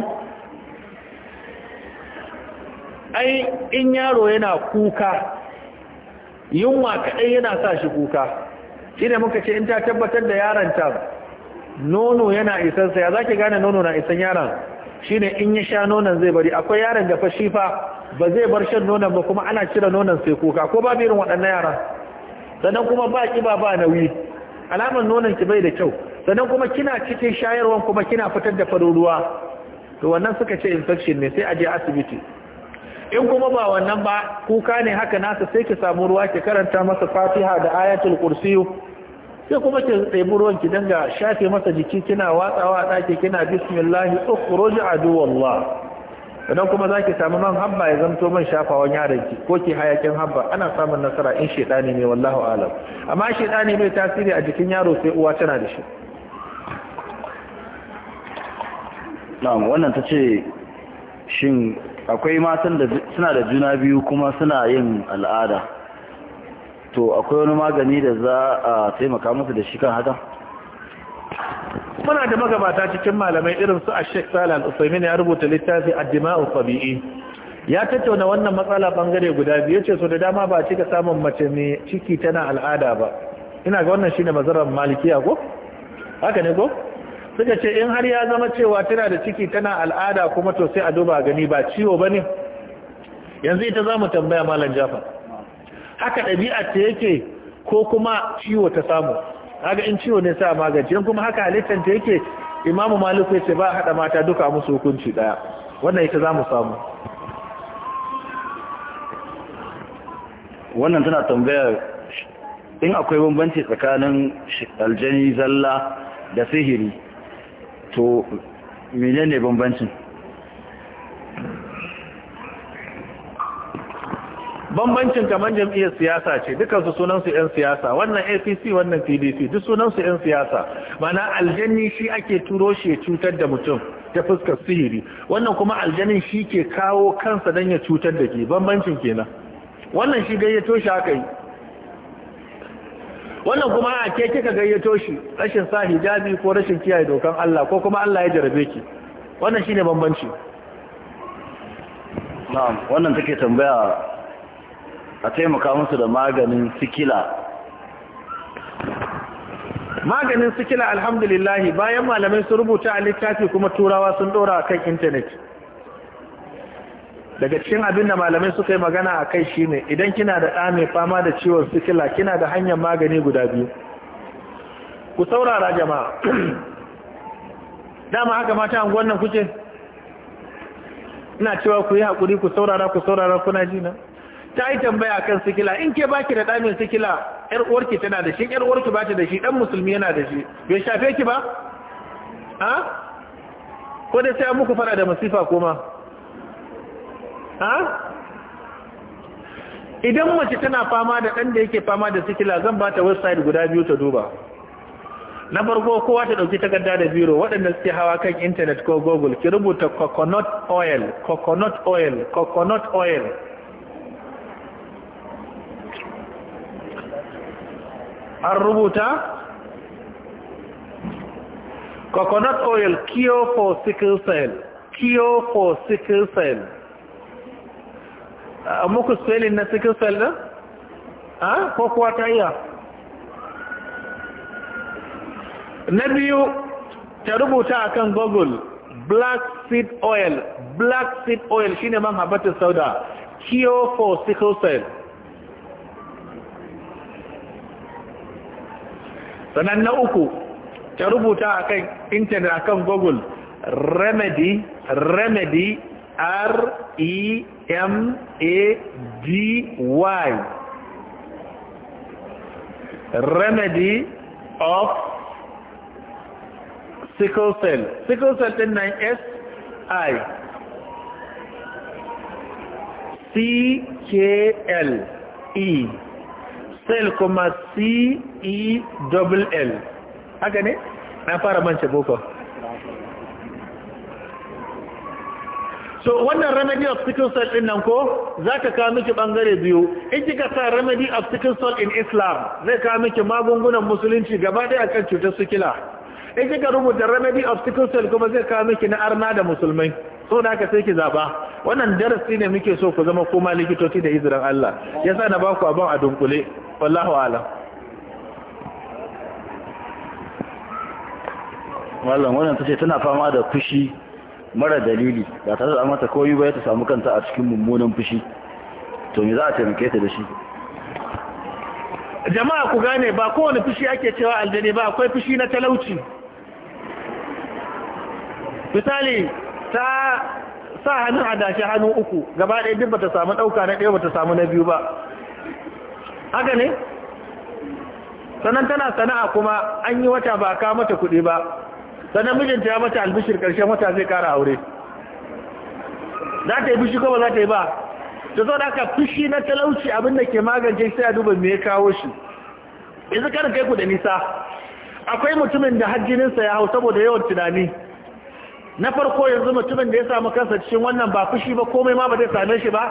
ai in yaro yana kuka yunwa kaɗai yana sa shi kuka shi ne muka ce in ta tabbatar da yaranta nono yana isansa ya za ki gane nono na isan yaran? shi ne in ya sha nonon zai bari akwai yaron da fashi fa ba zai bar shan nonon ba kuma ana cire nonon sai kuka ko ba irin waɗannan yaran sannan kuma ba ƙiba ba nauyi alamar nonon ki bai da kyau sannan kuma kina cikin shayarwan kuma kina fitar da farin ruwa to wannan suka ce infection ne sai a je asibiti in kuma ba wannan ba kuka ne haka nasa sai ki samu ruwa ki karanta masa fatiha da ayatul kursiyu sai kuma ki ɗebi ruwan ki danga shafe masa jiki kina watsawa a ɗaki kina bismillah ukhruj aduwallah idan kuma zaki samu man habba ya zanto man shafawan yaron ki ko ki hayakin habba ana samun nasara in shedani ne wallahu alam amma shedani mai tasiri a jikin yaro sai uwa tana da shi na'am wannan tace shin akwai matan da suna da juna biyu kuma suna yin al'ada to akwai wani magani da za a taimaka musu da shi kan haka muna da magabata cikin malamai irin su a sheik salal ne ya rubuta littafi addima'u tabi'i ya tattauna wannan matsala bangare guda biyu ce so da dama ba cika samun mace mai ciki tana al'ada ba ina ga wannan shine mazarar malikiya ko haka ne ko suka ce in har ya zama cewa tana da ciki tana al'ada kuma to sai a duba gani ba ciwo ba ne yanzu ita za mu tambaya malam jafa haka ɗabi'a ta yake ko kuma ciwo ta samu haka in ciwo ne sa yan kuma haka halittar ta yake imamu maliku ya ce ba haɗa mata duka musu hukunci ɗaya wannan ita za mu samu wannan tana tambayar in akwai bambanci tsakanin aljani zalla da sihiri to menene bambancin bambancin kamar jam'iyyar siyasa ce dukansu sunansu 'yan siyasa wannan apc wannan pdp duk sunansu 'yan siyasa mana aljanni shi ake turo shi ya cutar da mutum ta fuskar sihiri wannan kuma aljanin shi ke kawo kansa don ya cutar da ke bambancin kenan wannan shi gayyato shi haka yi wannan kuma a ke kika gayyato shi rashin sa hijabi ko rashin kiyaye dokan Allah ko kuma Allah ya jarabe ki wannan shine bambanci na'am wannan take tambaya a taimaka musu da maganin sikila maganin sikila alhamdulillah bayan malamai sun rubuta a littafi kuma turawa sun dora kan intanet daga cikin abin da malamai suka yi magana a kai shi ne idan kina da ɗa mai fama da ciwon sikila kina da hanyar magani guda biyu ku saurara jama'a dama haka mata an gwannan kuce ina cewa ku yi haƙuri ku saurara ku saurara kuna ji na ta yi tambaya kan sikila in ke baki da ɗa mai sikila yar uwarki tana da shi yar uwarki ba ta da shi ɗan musulmi yana da shi bai shafe ki ba ko dai sai an muku fara da masifa koma idan mace tana fama da ɗan da yake fama da sikila zan ba ta website guda biyu ta duba na farko kowa ta ɗauki takarda da biro waɗanda suke hawa kan intanet ko google ki rubuta coconut oil coconut oil coconut oil an rubuta coconut oil cure for sickle cell cure for sickle cell a muku spelling na sickle cell din ha? ko kuwa ta iya na biyu ta rubuta akan google black seed oil black seed oil shine man habatus sauda cure for sickle cell sannan na uku ta rubuta a kan intanet a kan google remedy remedy r e m-a-d-y remedy of sickle cell sickle cell din nan s-i c-k-l-e cell kuma c-e-double-l haka ne na fara manci boko to wannan remedy of sickle cell din nan ko zaka kawo miki bangare biyu in kika sa remedy of sickle cell in Islam zai kawo miki magungunan musulunci gaba ɗaya akan cutar sikila in kika rubuta remedy of sickle cell kuma zai kawo miki na arna da musulmai so da haka sai ki zaba wannan darasi ne muke so ku zama koma likitoci da izinin Allah yasa na baku abin a dunkule wallahu ala wallan wannan tace tana fama da kushi mara dalili ba tare da mata koyi ba ta samu kanta a cikin mummunan fushi to me za a taimake ta da shi jama'a ku gane ba kowane fushi ake cewa aljani ba akwai fushi na talauci misali ta sa hannun adashi hannu uku gaba ɗaya duk bata samu ɗauka na ɗaya ba ta samu na biyu ba haka ne sannan tana sana'a kuma an yi wata ba ka mata kuɗi ba sannan mijinta ya mata albishir karshen wata zai kara aure za ta yi bishi ko ba za ta yi ba ta zo da aka fushi na talauci abinda ke magance sai a duba me ya kawo shi yanzu kada kai ku da nisa akwai mutumin da hajjininsa ya hau saboda yawan tunani na farko yanzu mutumin da ya samu kansa cikin wannan ba fushi ba komai ma ba zai same shi ba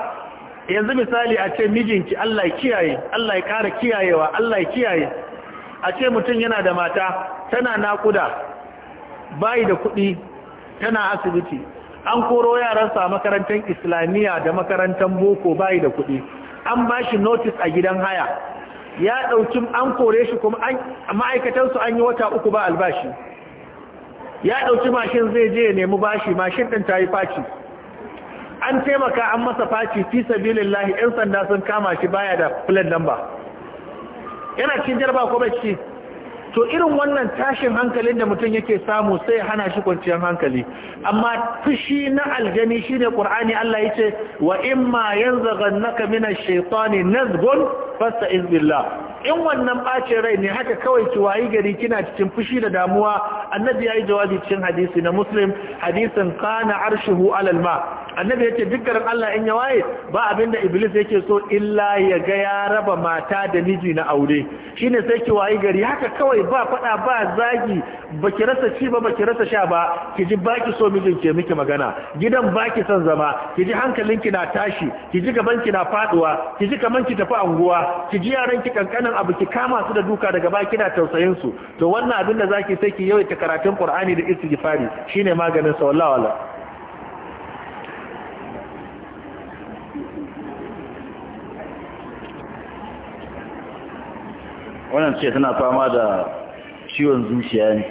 yanzu misali a ce mijinki Allah ya kiyaye Allah ya kara kiyayewa Allah ya kiyaye a ce mutum yana da mata tana nakuda bayi da kuɗi tana asibiti an koro yaransa makarantar islamiyya da makarantar boko bayi da kuɗi an ba shi notice a gidan haya ya ɗauki an kore shi kuma ma'aikatansu an yi wata uku ba albashi ya ɗauki mashin zai je nemi bashi mashin ɗin ta yi faci an taimaka an masa faci fi sabilin lahi 'yan sanda sun kama shi baya da plan number yana cikin jarba ko bai ciki to irin wannan tashin hankalin da mutum yake samu sai hana shi kwanciyar hankali amma fushi na aljani shine ƙur'ani Allah yace wa imma yanzaghannaka minash shaitani nazghun fasta'iz billah in wannan bace rai ne haka kawai ki wayi gari kina cikin fushi da damuwa annabi yayi jawabi cikin hadisi na muslim hadisin kana arshuhu alal ma annabi yace dukkan Allah in ya waye ba abinda iblis yake so illa ya ga ya raba mata da miji na aure shine sai ki wayi gari haka kawai ba fada ba zagi baki rasa ci ba baki rasa sha ba ki ji baki so mijin ke miki magana gidan baki son zama ki ji hankalinki na tashi ki ji ki na faduwa ki ji kaman ki tafi anguwa ki ji yaran ki kankanin wannan abu ki kama su da duka daga baki kina tausayin su to wannan abin da zaki sai ki yawaita karatun Qur'ani da istighfari shine maganin sa wallahi wala wannan ce tana fama da ciwon zuciya ne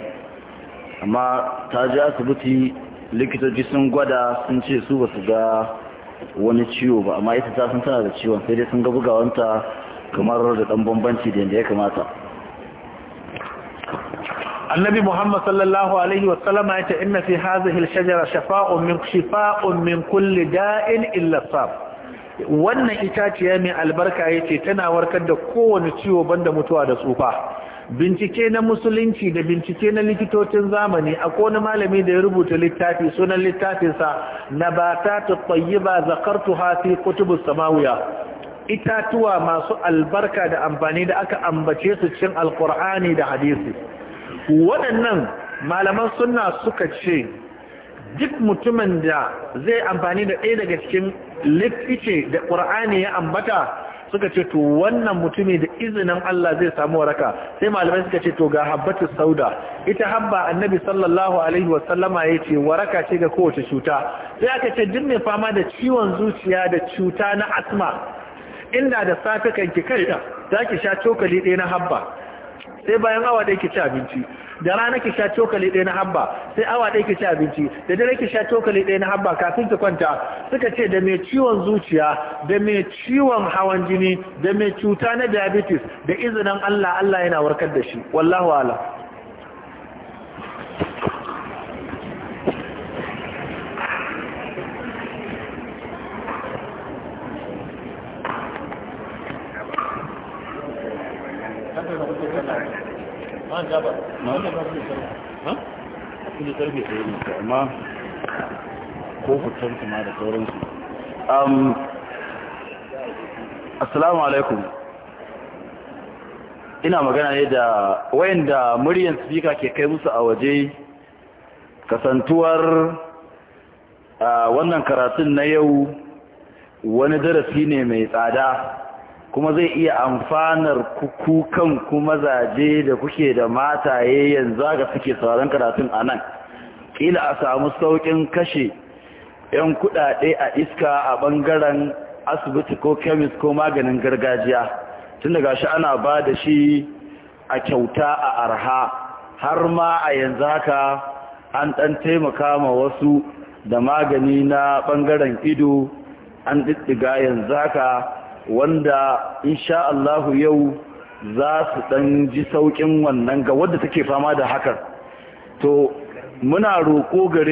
amma ta je asibiti likitoci sun gwada sun ce su ba su ga wani ciwo ba amma ita ta san tana da ciwon sai dai sun ga bugawanta kamar da ɗan bambanci da yadda ya kamata annabi muhammad sallallahu alaihi wasallam ya ce inna fi hadhihi shajara shafa'un min kulli da'in illa wannan itaciya mai albarka ce tana warkar da kowane ciwo banda mutuwa da tsufa bincike na musulunci da bincike na likitocin zamani a wani malami da ya rubuta littafi sunan littafinsa na nabatatu tayyiba zakartuha fi kutubus samawiya itatuwa masu albarka da amfani da aka ambace su cikin alkur'ani da hadisi waɗannan malaman sunna suka ce duk mutumin da zai amfani da ɗaya daga cikin lifice da ƙur'ani ya ambata suka ce to wannan mutumi da izinin Allah zai samu waraka sai malamai suka ce to ga habbatu sauda ita habba annabi sallallahu alaihi wa sallama yace waraka ce ga kowace cuta sai aka ce duk mai fama da ciwon zuciya da cuta na asma inda da safe kan ki kai da zaki sha cokali ɗaya na habba sai bayan awa ɗaya ki ci abinci da rana ki sha cokali ɗaya na habba sai awa ɗaya ki ci abinci da dare ki sha cokali ɗaya na habba kafin ki kwanta suka ce da mai ciwon zuciya da mai ciwon hawan jini da mai cuta na diabetes da izinin Allah Allah yana warkar da shi wallahu a'lam amma assalamu alaikum ina magana ne da wayanda muryan sifika ke kai musu a waje kasantuwar wannan karatun na yau wani darasi ne mai tsada kuma zai iya amfanar kukan kuma zaje da kuke da mataye yanzu ga suke sauran karatun a nan ƙila a samu sauƙin kashe 'yan kuɗaɗe a iska a ɓangaren asibiti ko kemis ko maganin gargajiya tun daga shi ana ba da shi a kyauta a arha har ma a yanzu haka an ɗan taimaka ma wasu da magani na ɓangaren ido an ɗiɗɗiga yanzu haka wanda insha allahu yau za su dan ji saukin wannan ga wadda take fama da hakan to muna roƙo gare